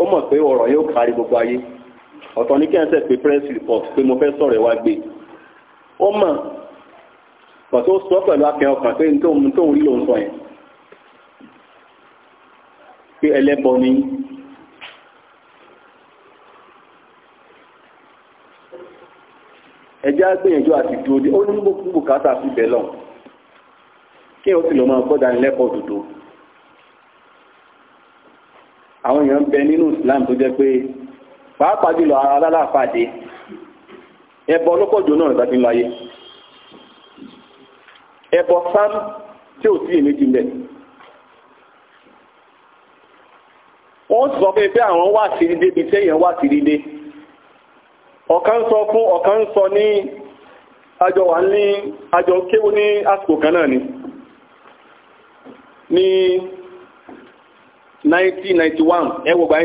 Speaker 1: ó mọ̀ pé ọ̀rọ̀ yóò kárí gbogbo ayé ọ̀tọ̀ ní kí ẹ̀ ń sẹ̀ pé press report pé mo fẹ́ sọ̀rọ̀ ẹ̀ gbé ó mọ̀ pọ̀ sọ pẹ̀lú akẹ́ ọkàn pé tóun pé ẹlẹ́bọ ni ẹjá gbìyànjú àti dúró dé ó ní gbogbo bùkátà sí bẹ̀lọ̀ kí o sì lọ máa gbọ́dà nílẹ́kọ̀ọ́ òdòdó àwọn èèyàn ń bẹ nínú Islam tó jẹ́ pé pàápàá jùlọ alálàfàdé ẹbọ ọlọ́pọ̀jọ náà nígbà tí ń láyé ẹbọ sam tí ò sí èméjì mẹ́rin wọ́n sọ pé pé àwọn wà sí bí tẹ́yàn wà sí ọ̀kan sọ fún ọ̀kan sọ ní àjọ wà ní àjọ kéwú ní àsìkò kan náà ní 1991 ẹwọ̀gbà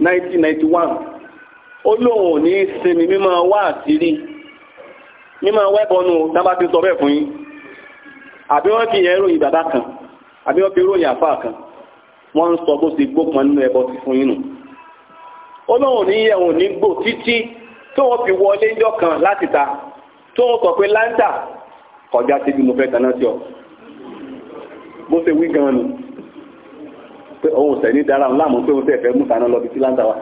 Speaker 1: 1991 ó ní sinmi mímọ̀ wà sí rí mímọ̀ wẹ́bọnù tábà ti sọ bẹ́ẹ̀ fún fi kan fi ròyìn kan wọ́n ń sọ bó ti gbópọn nínú ẹbọ ti fún yín nù ó lóun ní ẹ̀wọ̀n ní gbò títí tó wọ́n fi wọlé ńjọ́ kan láti ta tó wọ́n sọ pé láńtà kọjá sí bí mo fẹ́ kaná sí ọ bó ṣe wí gan nù pé òun ṣẹ̀ ní dára láàmú pé òun tẹ̀ fẹ́ mú kaná lọ bí sí láńtà wa.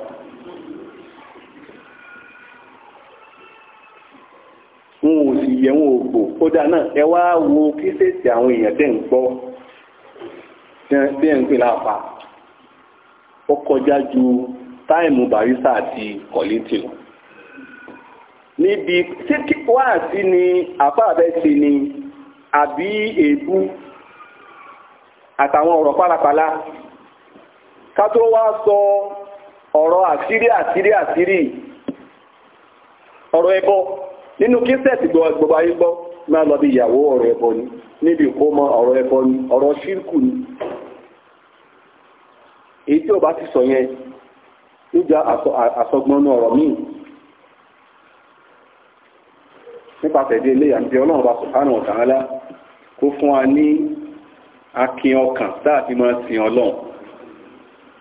Speaker 1: wọn ò sì yẹ wọn ò gbò kódà náà ẹ wá wo kí ṣèṣì àwọn èèyàn tẹ̀ ń gbọ́ tí ẹ̀ ń pè láàpá ó kọjá ju táìmù barista àti kọ̀lẹ́tì lọ níbi títí wáàsí ni àpá àbẹ́sí ni àbí èébú àtàwọn ọ̀rọ̀ pálapàla ká tó wá sọ ọ̀rọ̀ àṣírí àṣírí àṣírí ọ̀rọ̀ ẹbọ nínú kíṣẹ́ẹ̀tì gbogbo ayé gbọ́ máa lọ bí ìyàwó ọ̀rọ̀ ẹbọ ni níbi ìkómọ ọ̀rọ̀ ẹbọ ni ọ̀rọ̀ ṣírkù ni èyí tí ọba ti sọ yẹn ló já àsọgbọ́n náà ọ̀rọ̀ míì nípasẹ̀ dé ilé àti ọlọ́run ọba subhanahu wa ta'ala kó fún wa ní akin ọkàn táàtì máa sin ọlọ́run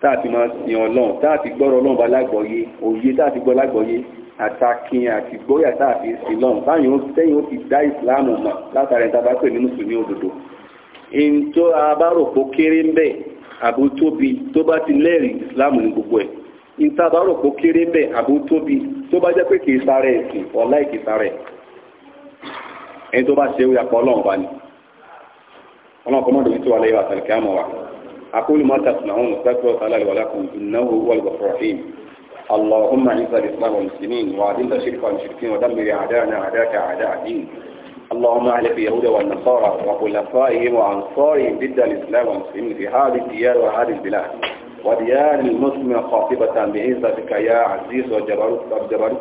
Speaker 1: táàtì máa sin ọlọ́run táàtì gbọ́rọ̀ ọlọ́run bá lágbọ̀ọ́yé òye táàtì gbọ́ lágbọ̀ọ́yé àtàkin àti gbóyà táàtì sin lọ́run báyìí ó tẹ́yìn ó ti dá ìsìláàmù mọ̀ látàrí ìtabápẹ̀ bá rò pó kéré ń àbò tóbi tó bá ti lẹ́rìí islam ní gbogbo ẹ̀ ìtàbárò kó kéré ń bẹ̀ àbò tóbi tó bá jẹ́ pé kì sáré ẹ̀sìn ọ̀la ìkì sáré ẹni tó bá ṣe é yàpọ̀ ọlọ́run bá اللهم الاسلام والمسلمين ودمر اعداءنا اعداءك اعداء الدين اللهم أهل في يهود والنصارى وخلفائهم وأنصارهم ضد الإسلام والمسلمين في هذه الديار وهذه البلاد وديار المسلمين خاطبة بعزتك يا عزيز وجبروت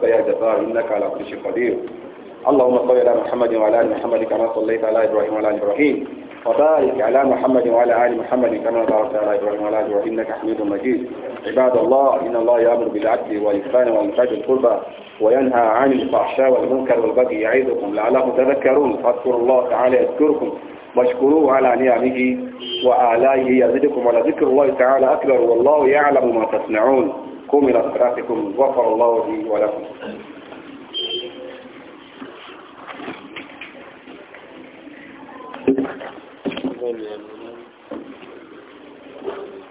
Speaker 1: يا جبار إنك على كل شيء قدير اللهم صل على محمد وعلى آل محمد كما صليت على إبراهيم وعلى آل إبراهيم وبارك على محمد وعلى آل محمد كما باركت على إبراهيم وعلى آل إبراهيم إنك حميد مجيد عباد الله إن الله يأمر بالعدل والإحسان وإيتاء القربى وينهى عن الفحشاء والمنكر والبغي يعظكم لعلكم تذكرون فاذكروا الله تعالى يذكركم واشكروه على نعمه وآلائه يزدكم ذكر الله تعالى أكبر والله يعلم ما تصنعون قوموا إلى صلاتكم غفر الله لي ولكم Thank you.